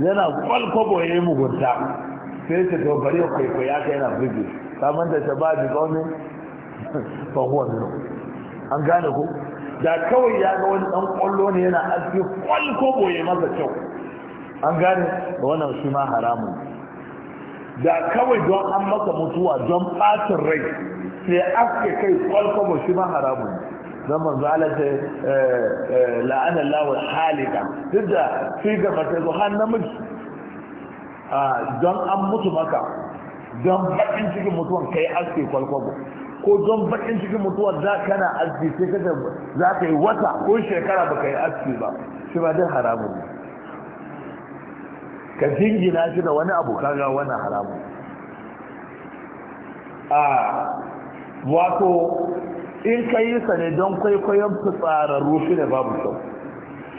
yana kwalkwabo ya yi mugunta sai ta to bari kwaikwai ya kai na bugi kamar da ta ba bi kaumin fa huwa minu an gane ku da kawai ya ga wani dan kwallo ne yana aski kwal ko boye masa kyau an gane da wannan shi ma haramun da kawai don an masa mutuwa don fatin rai sai aske kai kwal ko shi ma haramun don manzo ala ta eh, eh, la'ana lawal halika duk da shi ga mata zo har namiji don an mutu maka don bakin cikin mutuwan kai aske kwalkwago ko don bakin cikin mutuwan za na aski sai ka za ka yi wata ko shekara ba ka yi aski ba shi ba dai haramun ne ka jingina shi da wani abu kaga wani haramun a wato in ka yi sa ne don kwaikwayon fitsararru shi ne babu kyau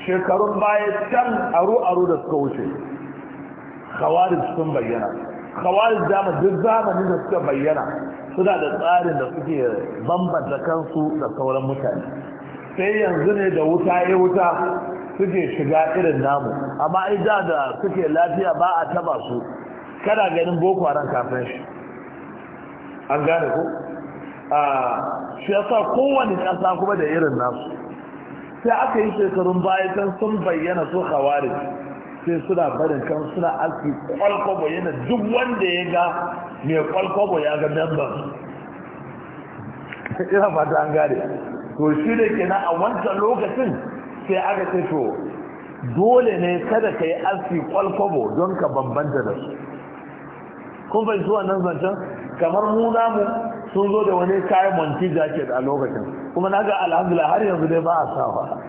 shekarun baya can aro-aro da suka wuce khawarij sun bayyana khawarij da duk zamanin da suka bayyana suna da tsarin da suke bambanta kansu da sauran mutane sai yanzu ne da wuta ya wuta suke shiga irin namu amma ai da suke lafiya ba a taba su kada ganin boko haram kafin shi an gane ko a shi yasa kowane ƙasa kuma da irin nasu sai aka yi shekarun baya sun bayyana su khawarij sai suna barin kan suna alfi kwalkwabo yana duk wanda ya ga mai kwalkwabo ya ga dabban ina fata an gane to shi da ke na a wancan lokacin sai aka ce to dole ne kada ka yi alfi kwalkwabo don ka bambanta da su kun fahimci wannan zancen kamar mu mu sun zo da wani kayan monti jacket a lokacin kuma na ga alhamdulillah har yanzu dai ba a sawa.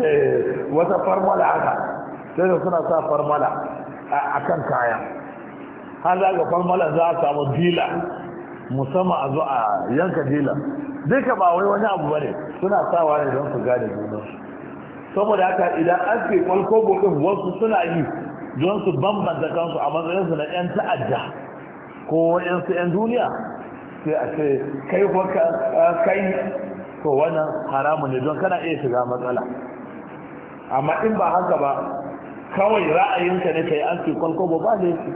Eh, wata farmala haka sai da suna sa farmala a kan kaya har za ga farmala za a samu dila musamman a zo a yanka dila duka ba wai wani abu bane suna sawa ne don su gane juna saboda haka idan an ke kwalko din wasu suna yi don su bambanta kansu a matsayinsu na 'yan ta'adda ko 'yan duniya sai a ce kai kai to wannan haramu ne don kana iya shiga matsala amma in ba haka ba kawai ra'ayinka ne kai aski kwalkwabo ba laifi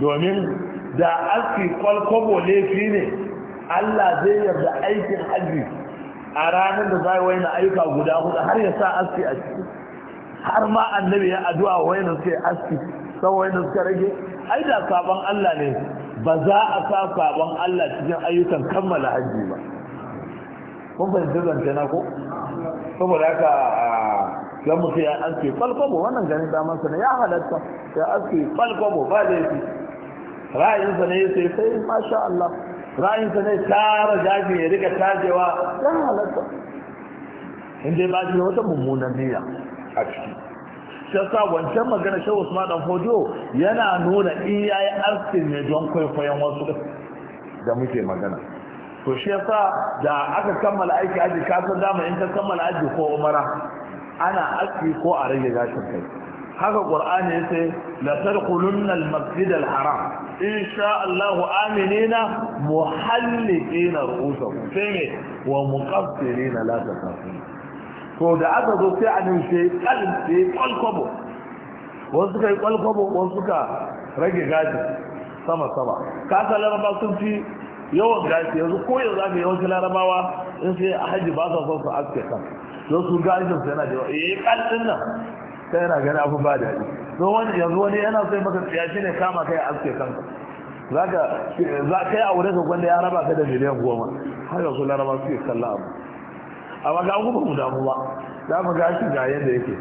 domin da aski kwalkwabo laifi ne Allah zai yarda aikin hajji a ranar da zai waina aika guda hudu har yasa aski a ciki har ma annabi ya addu'a wayna sai aski sai waina suka rage ai da sabon Allah ne ba za a sa sabon Allah cikin ayyukan kammala hajji ba kun fahimci zance na ko saboda haka ah, ga mutu ya aske kwalkwabo wannan ganin damansa ne ya halatta ya aske kwalkwabo ba laifi ra'ayinsa ne ya sai sai masha Allah ra'ayinsa ne tara jaji ya rika tajewa ya halatta inda ya bashi wata mummunan niyya a ciki shi sa wancan magana shi Usman dan Fodio yana nuna in yayi aske ne don kwaikwayon wasu da muke magana to shi yasa da aka kammala aiki aji ka san dama in ka kammala aji ko umara ana aski ko a rage gashin kai haka ya yace la tadkhulunna al-masjid al-haram insha Allah aminina muhalliqina ru'usakum sai wa muqaffirina la takafun to da aka zo sai a nushe kalm sai kwalkwabo wasu suka yi kwalkwabo wasu ka rage gashin sama sama kasa laraba sun fi yawan gashi yanzu ko yanzu aka yawanci larabawa in sai a haji ba sa son su aske kan don su ga su yana da yawa eh kaltin nan sai yana gani abu ba da don wani yanzu wani yana sai maka tsiya shi ne kama kai aske kanka zaka za kai a wurin gwanda ya raba ka da miliyan goma har yanzu laraba su yi kalla abu amma ga abubuwan mu damu ba za mu gashi ga yadda yake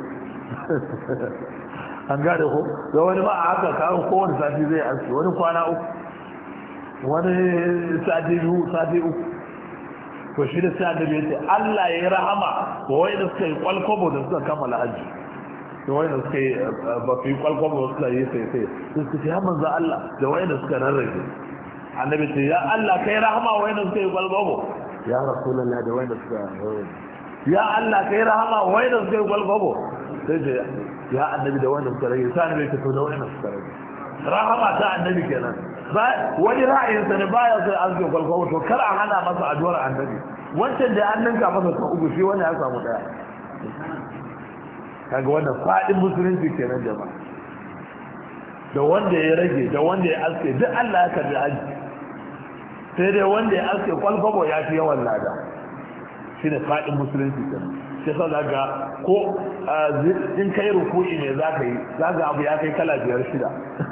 an gane ko da wani ba a haka kawo kowane sati zai aski wani kwana uku wani sati biyu sati uku to shi da sai annabi ya ce Allah ya yi rahama wa wai da suka yi kwalkwabo da suka kammala hajji da wai da suka yi eh, ba su yi kwalkwabo suka yi sai sai su suka ce ya za Allah da wai da suka rarrage annabi ce ya Allah kai rahama wa wai da suka yi kwalkwabo ya rasulullah da wai da suka rarrage ya Allah kai rahama wa wai da suka yi kwalkwabo sai ce ya annabi da wai da suka rage sai annabi ya ce to da wai da suka rage rahama ta annabi kenan wani ra'ayin ne baya son zo kwalkwabo to kar a hana masa addu'ar annabi wancan da an ninka masa ta ugu shi wani ya samu daya kaga wannan fadin musulunci kenan da ba, da wanda ya rage da wanda ya aske duk Allah ya karbi aji sai dai wanda ya aske kwalkwabo ya fi yawan lada shine fadin musulunci kenan shi yasa ga ko in kai rukuni ne za ka yi za zaga abu ya kai kala biyar shida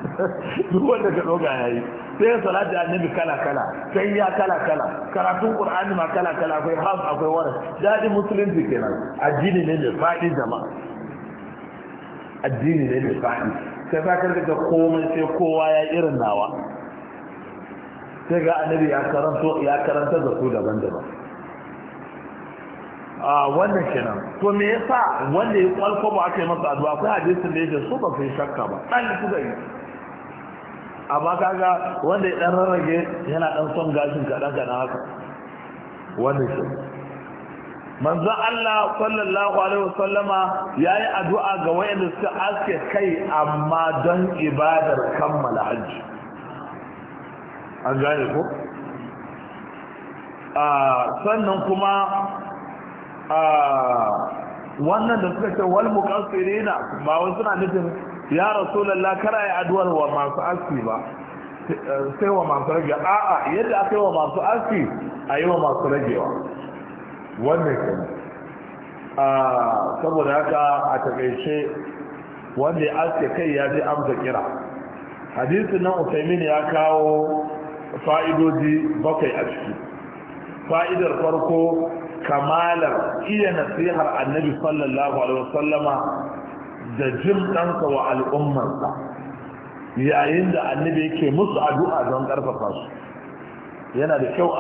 duk wanda ka doga ya yi sai ya salati annabi kala kala sai ya kala kala karatun qur'ani ma kala kala akwai haf akwai wara dadi musulunci kenan addini ne mai fadi jama'a addini ne mai fadi sai ka karka komai sai kowa ya irin nawa sai ga annabi ya karanto ya karanta da su daban-daban a wannan kenan to me yasa wanda ya kwalko ba aka yi masa addu'a sai hadisin da yake so ba sai shakka ba dan kuka yi amma kaga wanda ya dan rarrage yana dan son gashin kaɗan kaɗan haka wannan shi manzo Allah sallallahu alaihi wasallama yayi addu'a ga wayanda suka aske kai amma don ibadar kammala hajji an gane ko a sannan kuma wannan da suka ce wal muqassirina ba wa suna nufin ya rasulullah kar yi addu'ar wa masu aski ba sai wa masu rage a'a yadda aka yi wa masu aski a yi wa masu ragewa wannan a saboda haka a takaice wanda ya aske kai ya je amsa kira hadisin nan usaimin ya kawo fa'idoji bakwai a ciki fa'idar farko kamalar iya nasihar annabi sallallahu alaihi wasallama da jin ɗansa wa al'ummarsa yayin da annabi yake musu addu'a don ƙarfafa su yana da kyau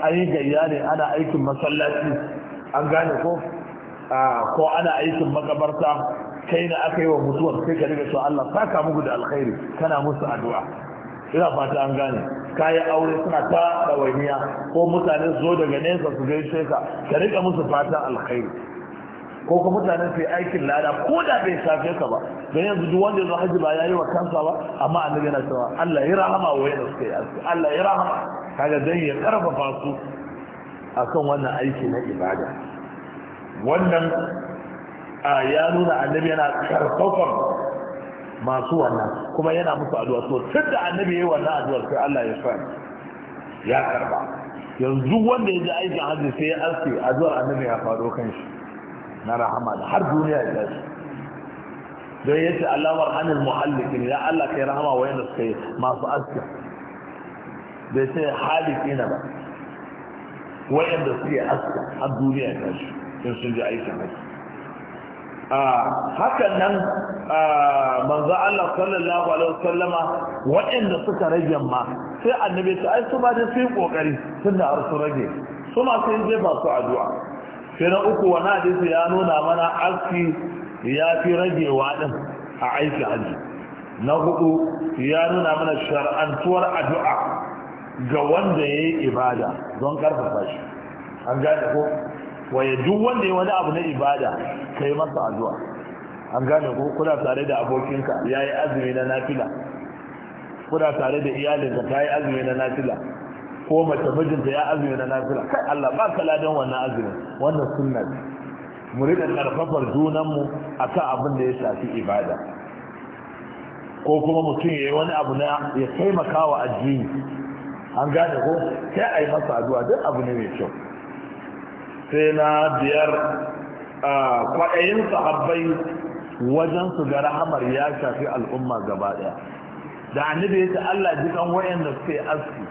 an yi gayya ne ana aikin masallaci an gane ko ko ana aikin makabarta kai na aka yi wa mutuwar sai ka riga su Allah saka muku da alkhairi kana musu addu'a ina fata an gane kayi aure suna ta ɗawainiya ko mutane zo daga nesa su gaishe ka ka rika musu fatan alkhairi ko kuma mutane su yi aikin lada ko da bai shafe ka ba don yanzu duk wanda yanzu hajji ba ya yi wa kansa ba amma annabi yana cewa Allah ya rahama wa yana suka yi Allah ya rahama kaga dan ya karfafa su akan wannan aiki na ibada wannan ya nuna annabi yana karfafan masu wannan kuma yana musu addu'a to tun da annabi yayi wannan addu'ar sai Allah ya sa ya karba yanzu wanda ya ji aikin hajji sai ya aske addu'ar annabi ya faɗo kan shi na rahama da har duniya ya tashi don ya ce Allah warhanin muhallikin ya Allah kai rahama wa yanda suka yi masu aske bai sai ina ba wayanda suke aske har duniya ya tashi in sun ji aikin hajji hakan nan manzo Allah sallallahu alaihi wasallama waɗanda suka rage ma sai annabi ta ai su ba da su kokari tunda har su rage su ma sai je ba su addu'a sai na uku wani hadisi ya nuna mana aski ya fi ragewa din a aiki haji na hudu ya nuna mana shar'antuwar addu'a ga wanda yayi ibada don karfafa shi an gane ko waye duk wanda ya wani abu na ibada kai masa addu'a an gane ko kuna tare da abokinka yayi azumi na nafila kuna tare da iyalinka yi azumi na nafila ko mace mijinta ya azumi na nafila kai Allah ba ka ladan wannan azumi wannan sunna ne mu rika karfafar mu akan abin da ya shafi ibada ko kuma mutum ya yi wani abu na ya taimaka wa addini an gane ko sai a yi masa addu'a duk abu ne mai kyau sai na biyar kwaɗayin sahabbai wajen su ga rahamar ya shafi al'umma gaba ɗaya da annabi ya ce Allah jikan wayanda suka yi aski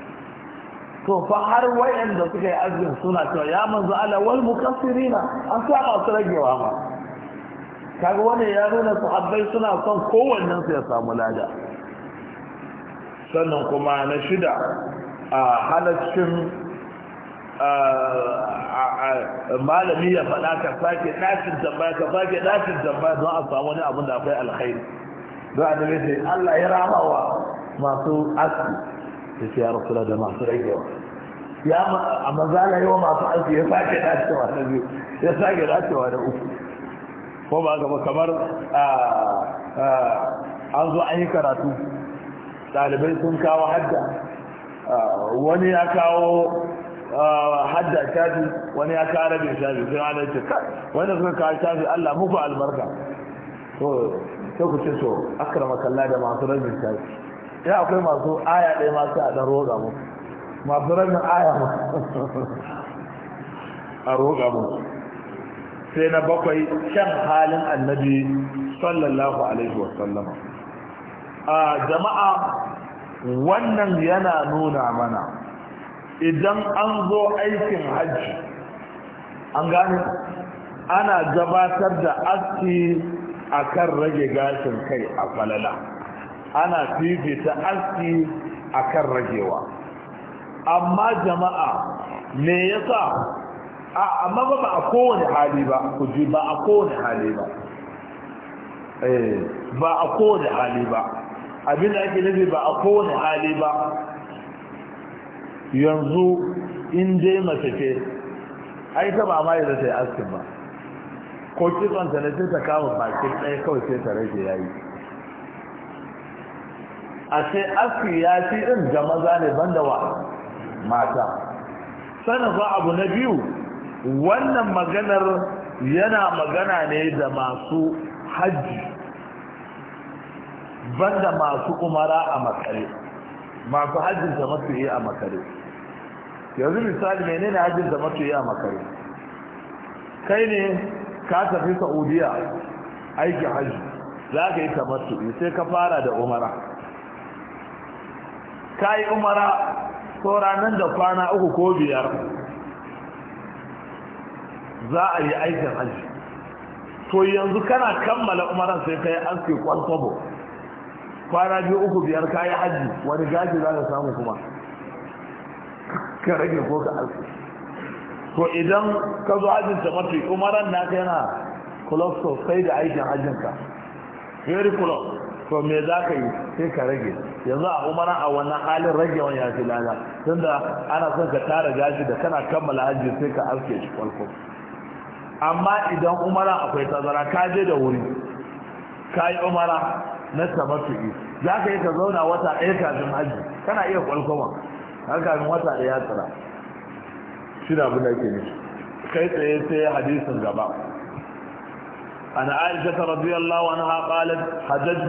to fa har wayanda suka yi aski suna cewa ya manzo Allah wal mukaffirina an sa masu ragewa ma kaga wani ya nuna sahabbai suna son kowannen su ya samu lada sannan kuma na shida a halaccin malami ya faɗa ka sake ɗakin tambaya ka sake ɗakin tambaya don a samu wani abin da akwai alkhairi don a dabe sai Allah ya ramawa masu aski ya ce ya rasu da masu ragewa ya a mazala yawa masu aski ya sake dacewa na biyu ya sake dacewa na uku ko ba gaba kamar an zo an yi karatu ɗalibai sun kawo hajja. wani ya kawo hadda shafi wani ya kare rabin shafi sun hada ce kai wanda suka kawo shafi Allah muku albarka to sai ku ce so akrama kallah da masu rabin shafi ya akwai masu aya ɗaya masu a ɗan roƙa mu masu rabin aya ma a roƙa mu sai na bakwai shan halin annabi sallallahu alaihi wa sallama a jama'a wannan yana nuna mana idan an zo aikin hajji an gane ana gabatar da aski a kan rage gashin kai a falala ana fifita aski a kan ragewa amma jama'a me yasa a amma ba a kowane hali ba ku ji ba a kowane hali ba eh, ba a kowane hali ba abin da ake nufi ba a kowane hali ba yanzu in je mace ce ai ta ba mai da sai yi askin ba ko kitsonta na sai ta kama bakin ɗaya kawai sai ta rage yayi a sai aski ya fi din ga maza ne banda wa mata sanin ba abu na biyu wannan maganar yana magana ne da masu hajji banda masu umara a makare masu hajjinta masu yi a makare yanzu misali menene hajji da mace ya makare kai ne ka tafi saudiya aikin hajji za ka yi ta tamattu sai ka fara da umara ka yi umara ranar da kwana uku ko biyar za a yi aikin hajji to yanzu kana kammala umaran sai ka yi aske kwalfabo kwana biyu uku biyar ka yi hajji wani gaji za ka samu kuma ka rage ko ka alfi Ko idan ka zo ajin ta mafi umaran na naka yana kulof sosai da aikin ajin ka. very kulof to me za ka yi sai ka rage yanzu a umaran a wannan halin rage wani ya fi lada tunda ana son ka tara gashi da kana kammala hajji sai ka alfi shi kwalko amma idan umara akwai tazara ka je da wuri ka yi umara na tamattu'i za ka yi ka zauna wata ɗaya kafin hajji kana iya kwalkoma haka min wata da ya tsara shi da abin da ke kai tsaye sai hadisin gaba an aisha ta radiyallahu an haƙalin hajjaj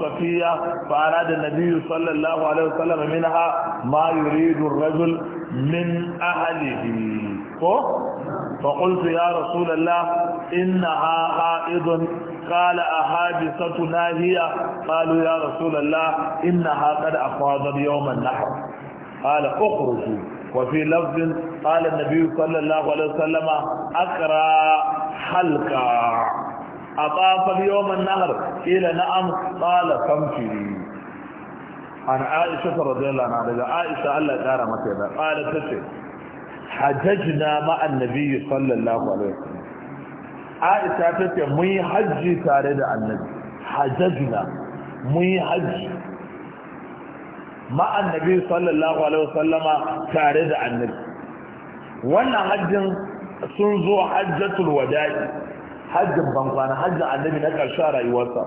safiya fa da nabiyyi sallallahu alaihi min ha ko فقلت يا رسول الله إنها حائض قال أحادثتنا هي قالوا يا رسول الله إنها قد أفاضت يوم النحر قال اخرجوا وفي لفظ قال النبي صلى الله عليه وسلم أقرأ حلقا أطاف اليوم النهر قيل نعم قال فامشي عن عائشة رضي الله عنها عائشة الله تعالى متى قالت تشي hajjajna ma'an nabiyyi sallallahu alaihi wasallam Aisha tace mun yi hajji tare da annabi hajjajna mun yi hajji ma'an nabiyyi sallallahu alaihi wasallama tare da annabi wannan hajjin sun zo hajjatul wada'i hajjin bankwana hajjin annabi na ƙarshen rayuwarsa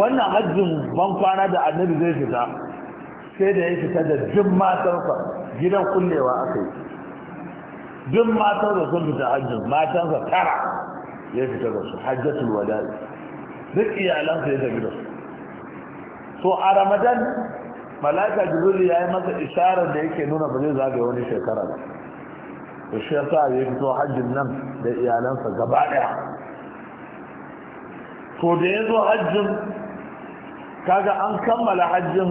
wannan hajjin bankwana da annabi zai fita sai da ya fita da jin matarsa gidan kullewa aka yi duk matan da sun fita hajjin matansa tara ya fita da su hajjatul wada'i duk iyalansa ya tafi da su so a ramadan malaka jibril ya yi masa isharar da yake nuna ba zai zagaye wani shekara ba to shi yasa ya fito hajjin nan da iyalansa gaba daya to da ya zo hajjin kaga an kammala hajjin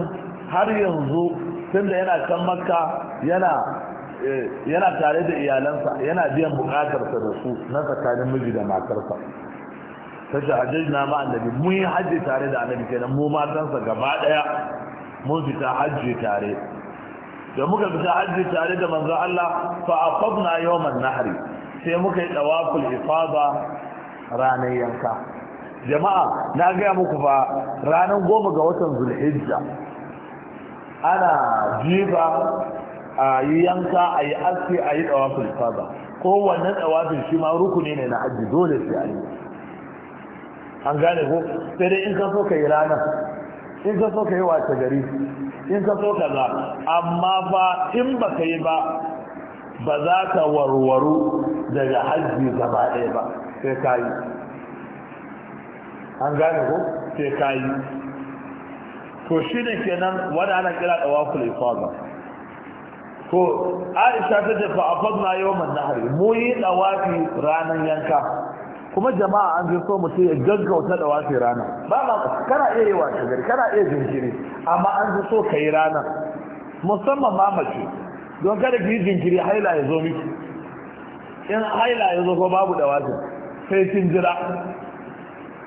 har yanzu tunda yana can makka yana Eh, yana tare da iyalansa yana biyan bukatarsa da su na tsakanin miji da matarsa ta ce hajjaj na ma annabi mun yi hajji tare da annabi kenan mu matansa gaba daya mun fita hajji tare da muka fita hajji tare da manzon Allah fa aqabna yawman nahri sai muka yi tawaful ifada ranar yanka jama'a na gaya muku fa ranar goma ga watan zulhijja ana jifa. a yi yanka a yi aski a yi tsawafin fada wannan ɗawafin shi ma rukuni ne na hajji dole sai a yi an gane ko sai dai in ka so ka yi rana in ka so ka yi wace gari in ka so ka za amma ba in ba ka yi ba ba za ka warwaru daga hajji gaba ɗaya ba sai ka yi an gane ko sai ka yi to shi ne kenan wani ana kira ɗawafin ifada to aisha ta ce fa afadna yawman nahri mu yi dawafi ranan yanka kuma jama'a an so mutum ya gaggauta da ranan rana ba ma kana iya yi wace gari kana iya jinkiri amma an ji so ka yi rana musamman ma mace don kada ki yi jinkiri haila ya zo miki in haila ya zo ko babu da sai kin jira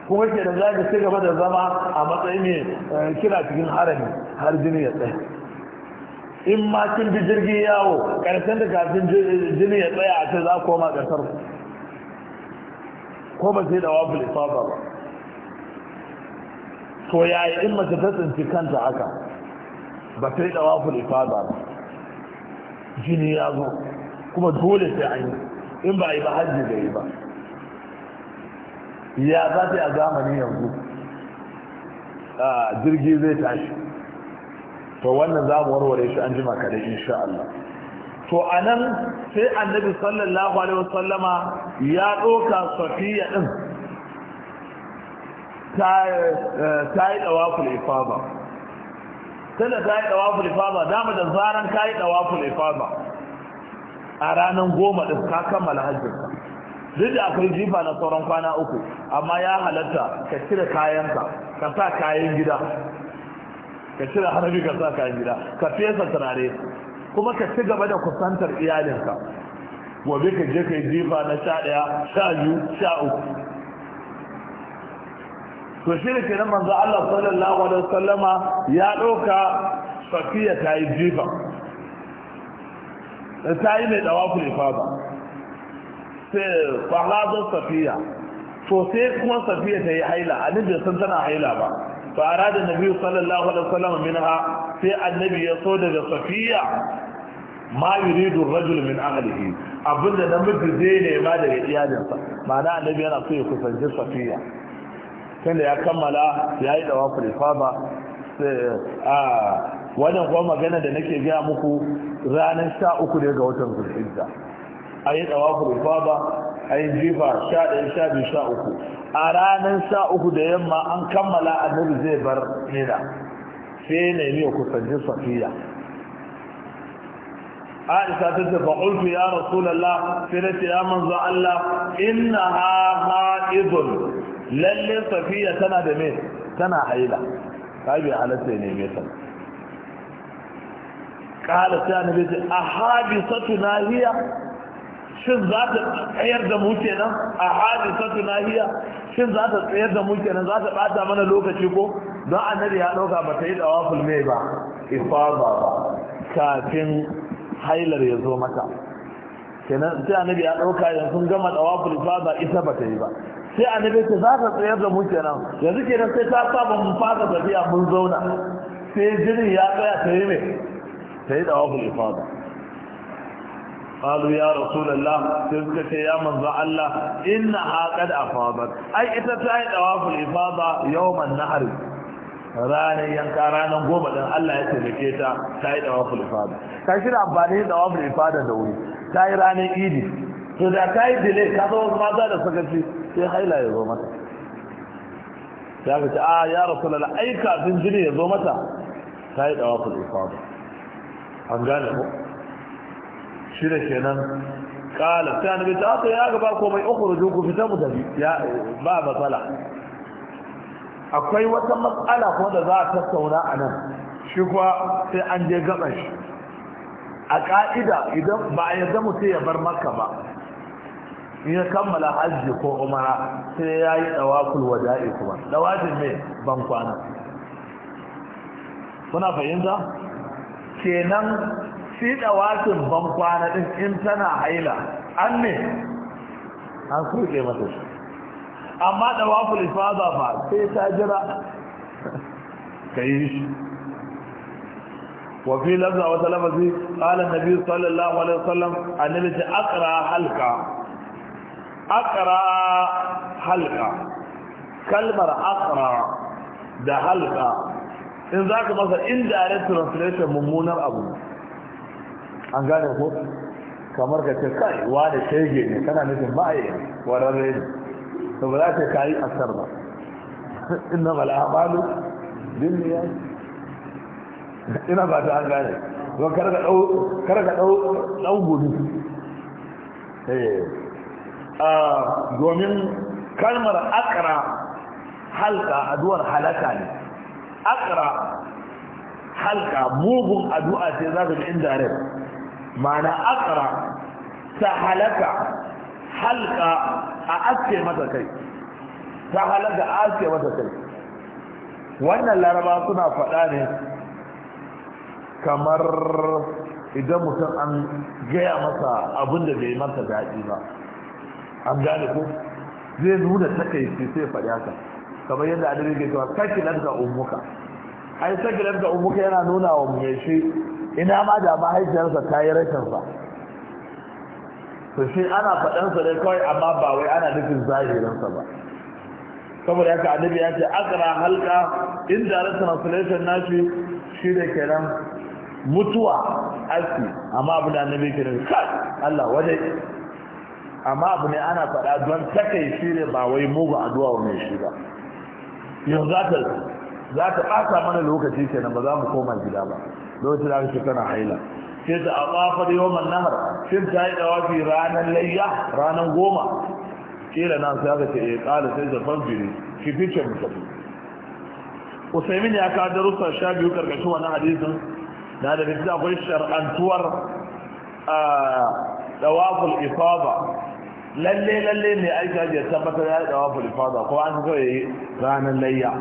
kuma ke da za ka ci gaba da zama a matsayin mai eh, kira cikin harami har jini ya tsaye in ma kin bi jirgin yawo karshen da kafin jini ya tsaya a ce za ku koma kasar ko ba sai da wafil isafa ba to yayi in mace ta tsinci kanta haka ba sai da wafil isafa ba jini ya zo kuma dole sai an yi in ba yi ba hajji da yi ba ya za ta yi a zamanin yanzu ah, jirgi zai tashi to wannan za mu warware shi an jima kaɗai insha Allah to a nan sai annabi sallallahu alaihi wasallama ya ɗoka safiya ɗin ta yi ifaba tana ta yi ifaba dama da zaran ka yi ifaba a ranar goma ɗin ka kammala hajjinka duk da akwai jifa na sauran kwana uku amma ya halatta ka cire kayanka ka sa kayan gida ka cire harami ka sa ka gida ka fesa turare kuma ka ci gaba da kusantar iyalinka gobe ka je ka yi jifa na sha ɗaya sha biyu sha uku to shi ke nan manzo Allah sallallahu alaihi wasallama ya ɗauka safiya ta yi jifa ta yi mai ɗawa kulefa ba sai kwahlazon safiya to sai kuma safiya ta yi haila a nijin sun tana haila ba fara da nabi sallallahu alaihi wasallam minha sai annabi ya so daga safiya ma yuridu rajul min ahlihi abinda namiji zai nema daga iyalinsa ma'ana annabi yana so ya kusanci safiya da ya kammala ya yi dawa kulifaba wannan kuma magana da nake gaya muku ranar sha uku ne ga watan zulhijja a yi dawa kulifaba ayin jifa sha ɗaya sha biyu sha uku a ranar sha uku da yamma an kammala annabi zai bar nina sai ne ne kusanci safiya aisha ta ce fa'ultu ya rasulallah sai da ce ya manzo Allah inna ha ha'idun lalle safiya tana da me tana haila ta bi halatta ne me ta قال سيدنا بيت أحابسة ناهية shin za ta tsayar da mu kenan a na nahiya shin za ta tsayar da mu kenan za ta bata mana lokaci ko don annabi ya dauka ba ta yi dawaful mai ba ifaba ba kafin hailar ya zo mata kenan sai annabi ya dauka yanzu gama dawaful ifaba ita ba ta yi ba sai annabi ta za ta tsayar da mu kenan yanzu kenan sai ta saba mun fara tafiya mun zauna sai jirin ya tsaya ta yi mai ta yi dawaful ifaba qalu ya rasulullah sai suka ce ya manzo Allah inna ha qad afadat ai ita ta yi dawaful ifada yawman ranar yanka ranar goma dan Allah ya taimake ta ta yi dawaful ifada ka shi da amfani da dawaful ifada da wuri ta yi ranar idi to da ta yi delay ka zo mata da suka ci sai haila ya zo mata ya ce a ya rasulullah ai kafin jini ya zo mata ta yi dawaful ifada an gane ko shi da kenan kala sai annabi ta aka ya gaba ko mai ukhruju ku fita mu dabi ya ba matsala akwai wata matsala ko da za a tattauna a nan shi kuwa sai an je gaban shi a ka'ida idan ba a yarda mutum ya bar makka ba in ya kammala hajji ko umara sai ya yi dawakul wada'i kuma dawajin mai ban kwana kuna fahimta kenan shi ɗawatin ban kwana ɗin in tana haila an ne an kurke mata shi amma ɗawaful ifada fa sai ta jira ka yi shi وفي لفظة وتلفظي قال النبي صلى الله عليه وسلم أن akara halka. Akara halka. kalmar akara da halka in za ka masa indirect translation mummunar abu an gane ko kamar ka ce kai wa da shege ne kana nufin ma'aye wararre ne to ba za ka kayi asar ba inna mal a'malu bin niyyat ina ba ta an gane don kar ka dau kar dau gudu eh a ah, domin kalmar akra halka aduwar halaka ne akra halka mugun addu'a ce zaka ga indirect ma'ana akara ta halaka halka a aske mata kai ta halaka a aske mata kai wannan laraba suna faɗa ne kamar idan mutum an gaya masa abin da bai masa daɗi ba an gane ko zai nuna takaici sai faɗi haka kamar yadda adalin ke cewa ga umuka ai sakirar da umuka yana nuna wa mai shi ina ma da mahaifiyarsa ta yi rashinsa to shi ana faɗansa ne kawai amma ba wai ana nufin zahirinsa ba saboda haka annabi ya ce akara halka in direct translation nashi shi da kenan mutuwa aski amma abu da annabi ke nufi kai Allah waje amma abu ne ana faɗa don takai shi ne ba wai mugu addu'a mai shi ba yanzu za za ta ɓata mana lokaci kenan ba za mu koma gida ba lokacin da aka kana haila sai da ta da yawan nahar sai da yi dawafi ranan layya ranan goma kila nan sai aka ce eh ƙara sai da fanjiri ki fice mu tafi usaimin ya ka darussa sha biyu karkashin wannan hadisin da da bi fitina akwai shar'antuwar dawaful ifada lalle lalle mai aika ya tabbatar ya dawaful ifada ko an kawai ranan layya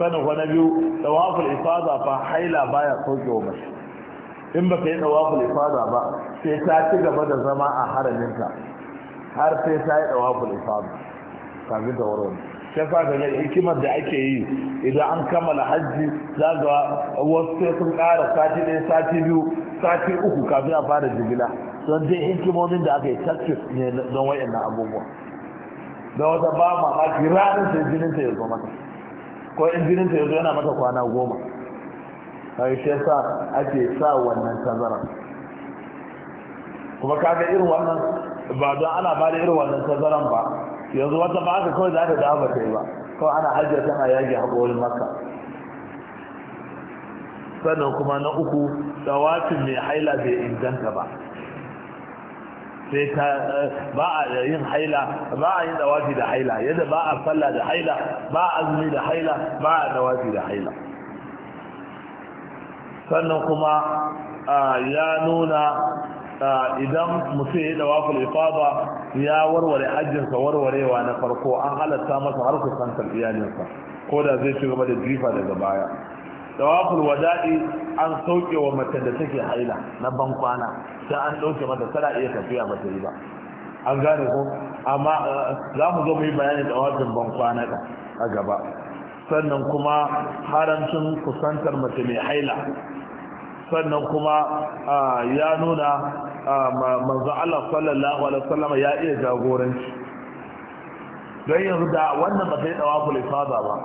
sanin wani biyu tawaful ifada fa haila baya soke wa mashi in ba ka yi tawaful ifada ba sai ta ci gaba da zama a haraminta har sai ta yi tawaful ifada kafin ta wurin sai sa ga hikimar da ake yi idan an kammala hajji za ga wasu sai sun ƙara sati ɗaya sati biyu sati uku kafin a fara jigila don dai hikimomin da aka yi tactic ne don wayannan abubuwa da wata ba mamaki ranar sai jinin ta ya zo mata ko in jinin ta yanzu yana mata kwana goma sai shi yasa ake sa wannan tazara kuma kaga irin wannan ba don ana ba da irin wannan tazaran ba yanzu wata ba aka kawai za ta dawo ba ta yi ba kawai ana ajiye tana yage haƙorin maka sannan kuma na uku dawacin mai haila bai inganta ba sai ta ba a yin haila ba a yin dawafi da haila yadda ba a da haila ba a azumi da haila ba a dawafi da haila sannan kuma ya nuna idan mutum ya dawafi ifaba ya warware ajinsa warwarewa na farko an halatta masa har kusantar iyalinsa ko da zai ci gaba da jifa daga baya tawaful wada'i an sauke wa mace da take haila na ban kwana sai an dauke mata tana iya tafiya ba ta yi ba an gane ko amma eh, za mu zo mu yi bayanin tawafin ban kwana a gaba sannan kuma haramcin kusantar mace mai haila sannan kuma eh, ya nuna eh, manzo Allah sallallahu alaihi wasallam ya iya jagoranci don yanzu da wannan ba sai tawaful ifada ba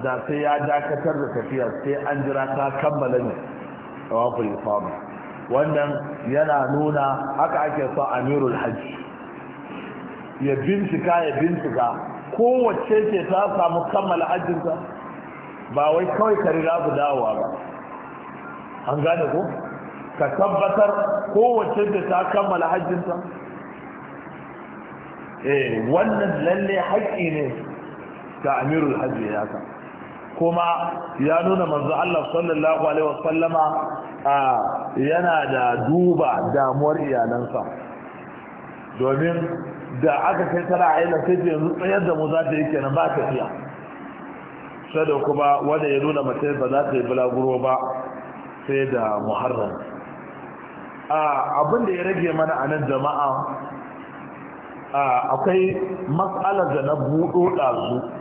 da sai ya dakatar da tafiya sai an jira ta kammala ne a tawaful ifama wannan yana nuna haka ake so amirul hajji ya bincika ya bincika kowace ce ta samu kammala hajjinta ba wai kawai ka riga ku dawowa ba an gane ko ka tabbatar kowace ce ta kammala hajjinta eh wannan lalle haƙƙi ne ta amirul hajji ya ka kuma ya nuna manzo Allah sallallahu alaihi wasallama yana da duba damuwar iyalansa domin da aka kai tara ila sai yanzu tsayar da mu za ta yi kenan ba tafiya sai da kuma wanda ya nuna mace ba za ta yi bulaguro ba sai da muharram abin da ya rage mana a nan jama'a akwai matsalar da na buɗo ɗazu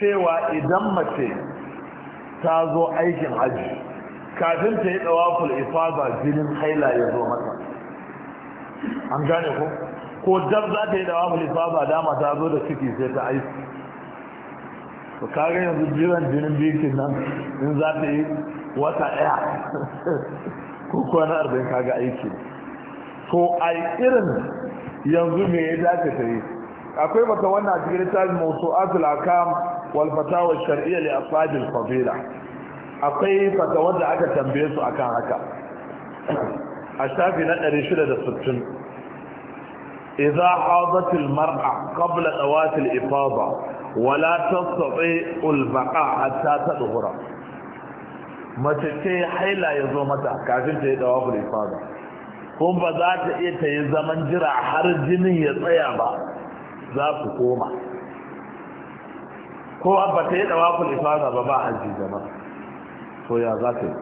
cewa idan mace ta zo aikin hajji kafin ta yi tsawaful ifaba jinin haila ya zo mata an gane ko ko dab za ta yi tsawaful ifaba dama ta zo da ciki sai ta aiki to kaga yanzu jiran jinin bikin nan in za ta yi wata ɗaya ko kwanar arba'in kaga aiki to a irin yanzu me ya dace ta yi akwai mata wannan a cikin littafin mawsu'atul akam wal fatawa shar'iyya li ashabil fadila akwai fatawar da aka tambaye su akan haka a shafi na 660 idza hadat mar'a qabla awat al ifada wala tastati al baqa hatta tadhura mace ce haila ya zo mata kafin ta yi dawaful ifada kuma ba za ta iya ta yi zaman jira har jinin ya tsaya ba za su koma Kowa ba ta yi dawaful ifada ba ba hajji jama'a to ya za ta yi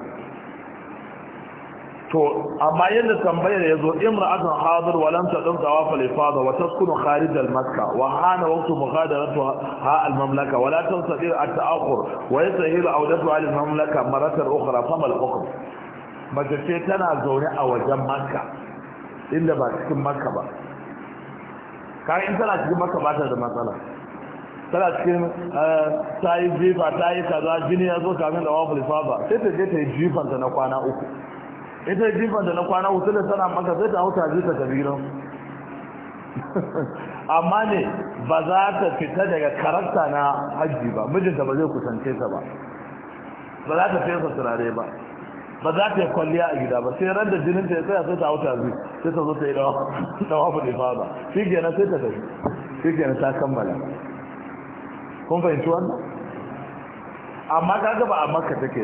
to amma yadda tambayar ya zo imra'atun hadir wa lam tadum dawaful ifada wa taskunu kharij al makka wa hana waqtu mughadaratu ha al mamlaka wa la tastati al ta'akhur wa yasahil awdatu al mamlaka maratan ukhra fama al hukm mace tana zaune a wajen makka inda ba cikin makka ba kayan tana cikin makka ba ta da matsala tana cikin eh, ta yi jifa ta yi kaza jini ya zo kamin da waful faba sai ta je ta yi jifanta na kwana uku ita jifanta na kwana uku da tana maka sai ta hauta jita ta biyu amma ne ba za ta fita daga karanta na hajji ba mijinta ba zai kusance ta ba ba za ta fesa turare ba ba za ta yi kwalliya a gida ba sai ran da jinin ta ya tsaya sai ta hauta zai sai ta zo ta yi dawa da ba ne ba shi kenan sai ta tafi shi kenan ta kammala kun fahimci wannan amma kaga ba a makka take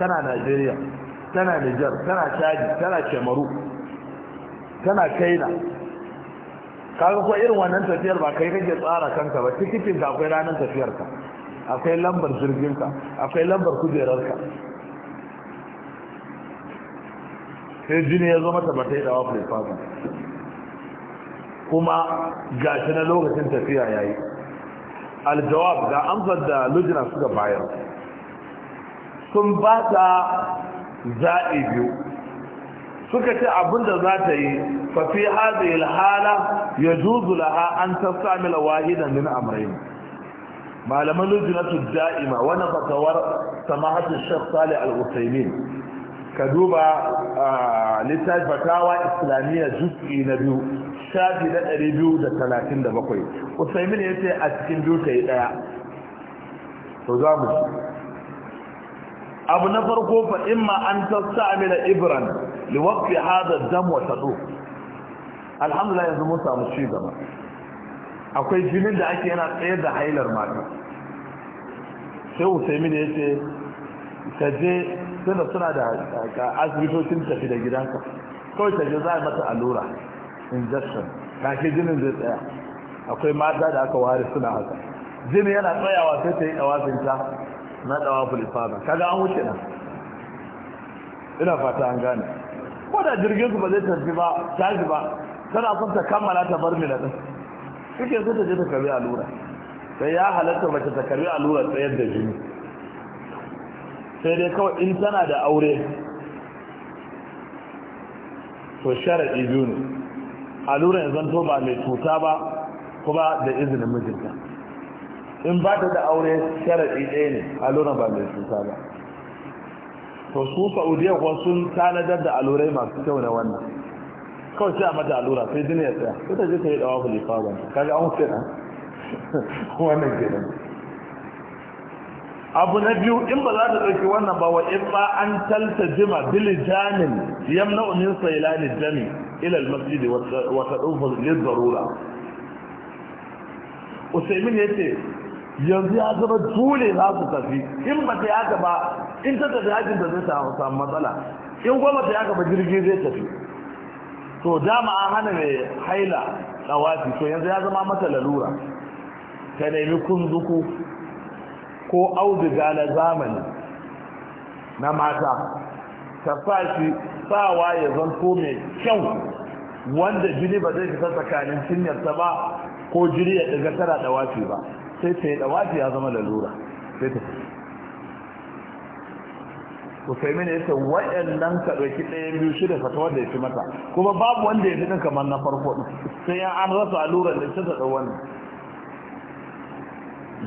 tana najeriya tana nijar tana chadi tana kemaru tana kaina kaga ko irin wannan tafiyar ba kai kake tsara kanka ba tikitin ka akwai ranar tafiyar ka akwai lambar jirgin ka akwai lambar kujerar ka sai jini ya zo mata ba ta yi dawa kuma gashi na lokacin tafiya yayi aljawab ga amsar da lujina suka bayar sun ba ta biyu suka ce abinda za ta yi fafi haɗe hala ya juzu laha an ta samila wahidan min amrain malaman lujinatu da'ima wani fatawar samahatun shek salih al-usaimin ka duba ah, littafi fatawa islamiyya juz'i na biyu shafi na ɗari biyu da talatin da bakwai usaimin ya ce a cikin biyu ta yi ɗaya to za mu abu na farko fa imma an tastamila ibran liwaqfi hada dam wa tadu alhamdulillah yanzu mun samu ci gaba akwai jinin da ake yana tsayar da hailar mata sai usaimin ya ce ka je suna suna da asibitocin tafi da gidanka kawai ta je za a mata allura injection take jinin zai tsaya akwai mata da aka ware suna haka jini yana tsayawa sai ta yi dawafinta na dawafin ifada kaga an wuce nan ina fata an gane ko da jirgin su ba zai tafi ba tafi ba tana son ta kammala ta bar mina din kike sai ta je ta karbi allura sai ya halatta mace ta karbi allura tsayar da jini sai dai kawai in tana da aure to sharaɗi biyu ne alura ya zanto ba mai cuta ba kuma da izinin mijinta in ba ta da aure sharaɗi ɗaya ne alura ba mai cuta ba to su saudiya kuwa sun tanadar da alurai masu kyau na wannan kawai sai a mata alura sai jini ya tsaya sai ta je ta yi dawa kulifa ba kaga an wuce na wannan kenan abu na biyu in ba za ta ɗauki wannan ba wa in ba an talta jima bilijanin yamna umin sailani jami ilal masjidi wa ta ɗaufa lil zarura usaimin ya ce yanzu ya zama dole za su tafi in ba ta yaka ba in ta tafi yakin da zai samu matsala in goma ta yaka ba jirgi zai tafi to dama an hana mai haila tsawafi to yanzu ya zama mata lalura ka nemi kunzuku ko auduga na zamani na mata ta sa shi sawa ya zanto mai kyau wanda jini ba zai fita tsakanin ta ba ko jini ya daga tara dawafi ba sai ta yi dawafi ya zama lalura sai ta mini ya ce ka kaɗauki ɗaya biyu shida fata wanda ya fi mata kuma babu wanda ya fi ɗin kamar na farko sai ya an rasa allurar da ta ɗau wannan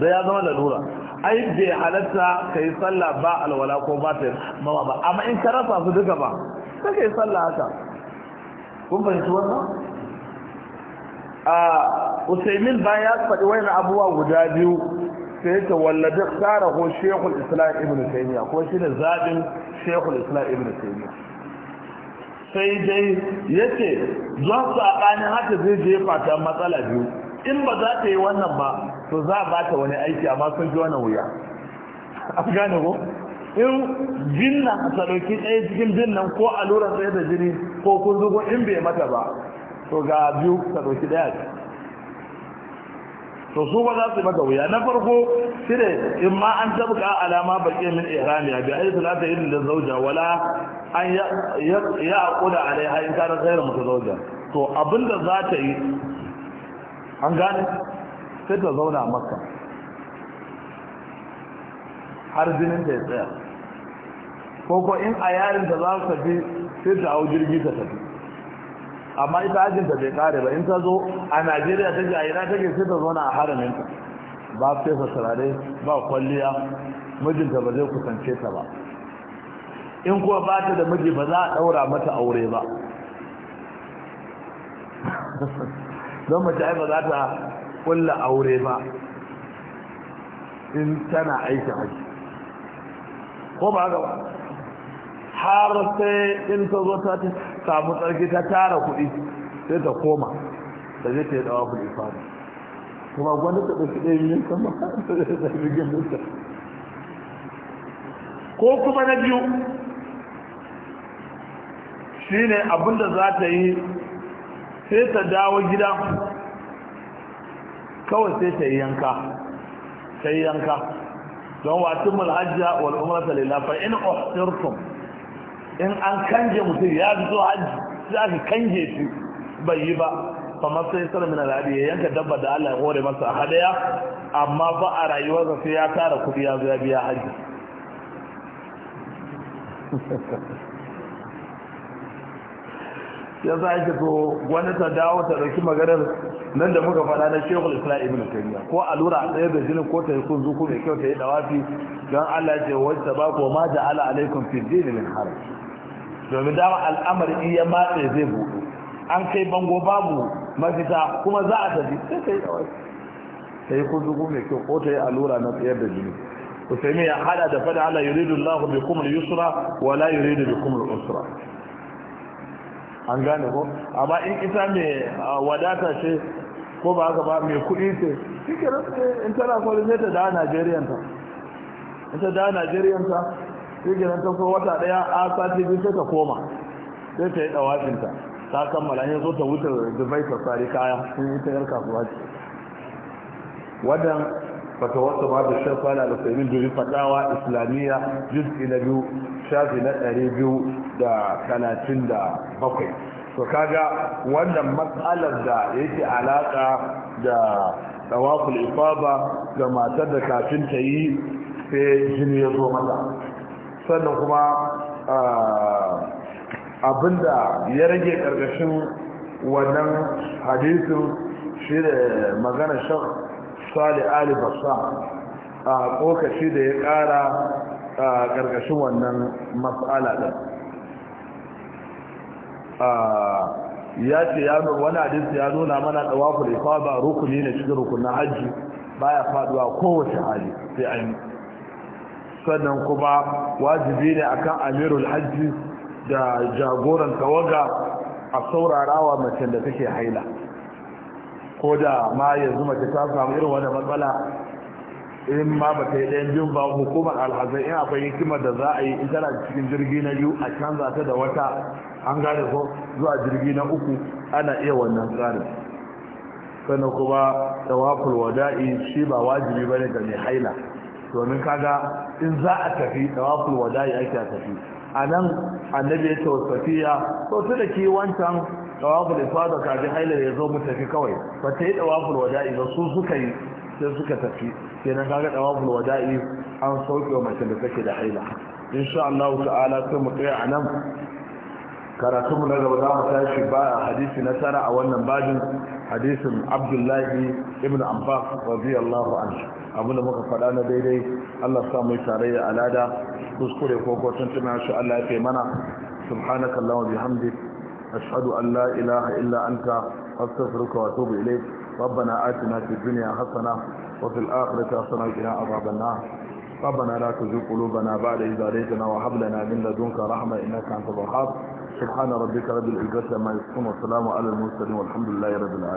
da ya zama lalura ai bai halatta ka yi sallah ba alwala ko ba ta mawa ba amma in ka rasa su duka ba sai ka yi sallah haka kun fahimci wannan a usaimin bayan ya faɗi wani abubuwa guda biyu sai ta wallabi tsara ko shekul islam ibn taymiya ko shi ne zaɓin shekul islam ibn taymiya sai dai yace zuwa su a ƙanin haka zai jefa ta matsala biyu in ba za ta yi wannan ba to za a ba ta wani aiki amma sun ji wani wuya an gane ko in jinna a tsaroki ɗaya cikin jinnan ko lura tsaye da jini ko kun zugo in bai mata ba to ga biyu tsaroki ɗaya ɗaya to su ba za su yi mata wuya na farko shine in ma an tabbuka alama baƙi min ihrami bi ayyatu la ta'in da zauja wala an ya aquda alaiha in kana ghayra zauja. to abinda za ta yi an gane sai ta zauna a har jinin ta ya tsaya ko in a yarin da za su tafi sai ta hau jirgi ta tafi amma ita ajinta bai kare ba in ta zo a najeriya ta a ina take sai ta zauna a haraminta ba fesa turare ba kwalliya mijinta ba zai kusance ta ba in kuwa ba ta da miji ba za a daura mata aure ba don mace ai ba za ta kulla aure ba in tana aiki haji ko ba ga har sai in ta zo ta samu tsarki ta tara kuɗi sai ta koma da zai ta yi dawa kuɗi fara kuma gwani ta ɗauki ɗaya yin sama da rigin nista ko kuma na biyu shi ne abinda za ta yi sai ta dawo gida kawai sai ta yi yanka ta yanka don watin mulhajja wal umrata lillah fa in uhsirtum in an kanje mutum ya fito hajji sai aka kanje shi bai yi ba fa masai sallam min alhadi ya yanka dabba da Allah ya hore masa hadaya amma ba a rayuwarsa sai ya tara kudi ya zo ya biya hajji ya sa yake so wani ta dawo ta ɗauki maganar nan da muka faɗa na shekul islam ibn taymiya ko allura a tsaye da jinin ko ta yi kun zuku mai kyau ta yi dawafi don allah ce wani ta bako ma da ala alaikum fi dini min haram domin dama al'amari in ya matse zai buɗu an kai bango babu mafita kuma za a tafi sai ta yi dawafi ta yi kun zuku mai kyau ko ta yi allura na tsayar da jini Usaimi ya hada da fada Allah yuridu Allah bikum al-yusra wala yuridu bikum al-usra an gane ko amma in ita mai wadata ce ko ba haka ba mai kudi ce cikin in tana kwallo ne ta da nigerian ta ita da nigerian ta cikin ta ko wata daya a sati biyu sai ta koma sai ta yi dawafinta ta kammala ne zo ta wuce da ta sari kaya sun yi ta yar kasuwa ce wadan فتوسط بعض الشيخ قال على سبيل جزء فتاوى إسلامية جزء إلى جو شاف إلى أريجو دا ثلاثين دا بقي فكاجا وانا مسألة دا يتي علاقة دا تواف الإصابة لما تدكا تنتهي في جنية ومدى سنقوم آه، أبندا يرجي كرقشن ونم حديث شير مغانا شخص sali ali bassam a kokaci da ya kara a wannan matsala ɗin ya ce wani adinsu ya nuna mana ɗawaful ba rukuni na cikin rukunin hajji ya faduwa kowace hali sai an sannan kuma wajibi ne akan amirul hajji da jagoran tawaga a saurarawa mace da take haila ko da ma yanzu mace ta samu irin wani matsala in ma ba ta yi ɗayan jin ba hukumar alhazai in akwai hikimar da za a yi in tana cikin jirgi na biyu a canza ta da wata an gane ko zuwa jirgi na uku ana iya wannan tsarin sannan kuma tawakul wada'i shi ba wajibi ba ne ga mai haila domin kaga in za a tafi tawakul wada'i ake tafi A nan, annabi ya ce wa safiya da ki wancan tawaful ifada kafin hailar ya zo mu tafi kawai ba ta yi ɗawafin wada'i ba su suka yi sai suka tafi na kaga ɗawafin wada'i an sauke wa mace da take da haila insha Allah ta'ala sai mu tsaya anan karatu mu na gaba za mu tashi ba hadisi na tara a wannan babin hadisin Abdullahi ibn Abbas radiyallahu anhu abinda muka faɗa na daidai Allah sa mu tarayya alada kuskure ko ko tuntuna shi Allah ya kai mana subhanakallahumma bihamdika أشهد أن لا إله إلا أنت أستغفرك وأتوب إليك ربنا آتنا في الدنيا حسنة وفي الآخرة حسنة وقنا عذاب النار ربنا لا تزغ قلوبنا بعد إذ هديتنا وهب لنا من لدنك رحمة إنك أنت الوهاب سبحان ربك رب العزة عما يصفون وسلام على المرسلين والحمد لله رب العالمين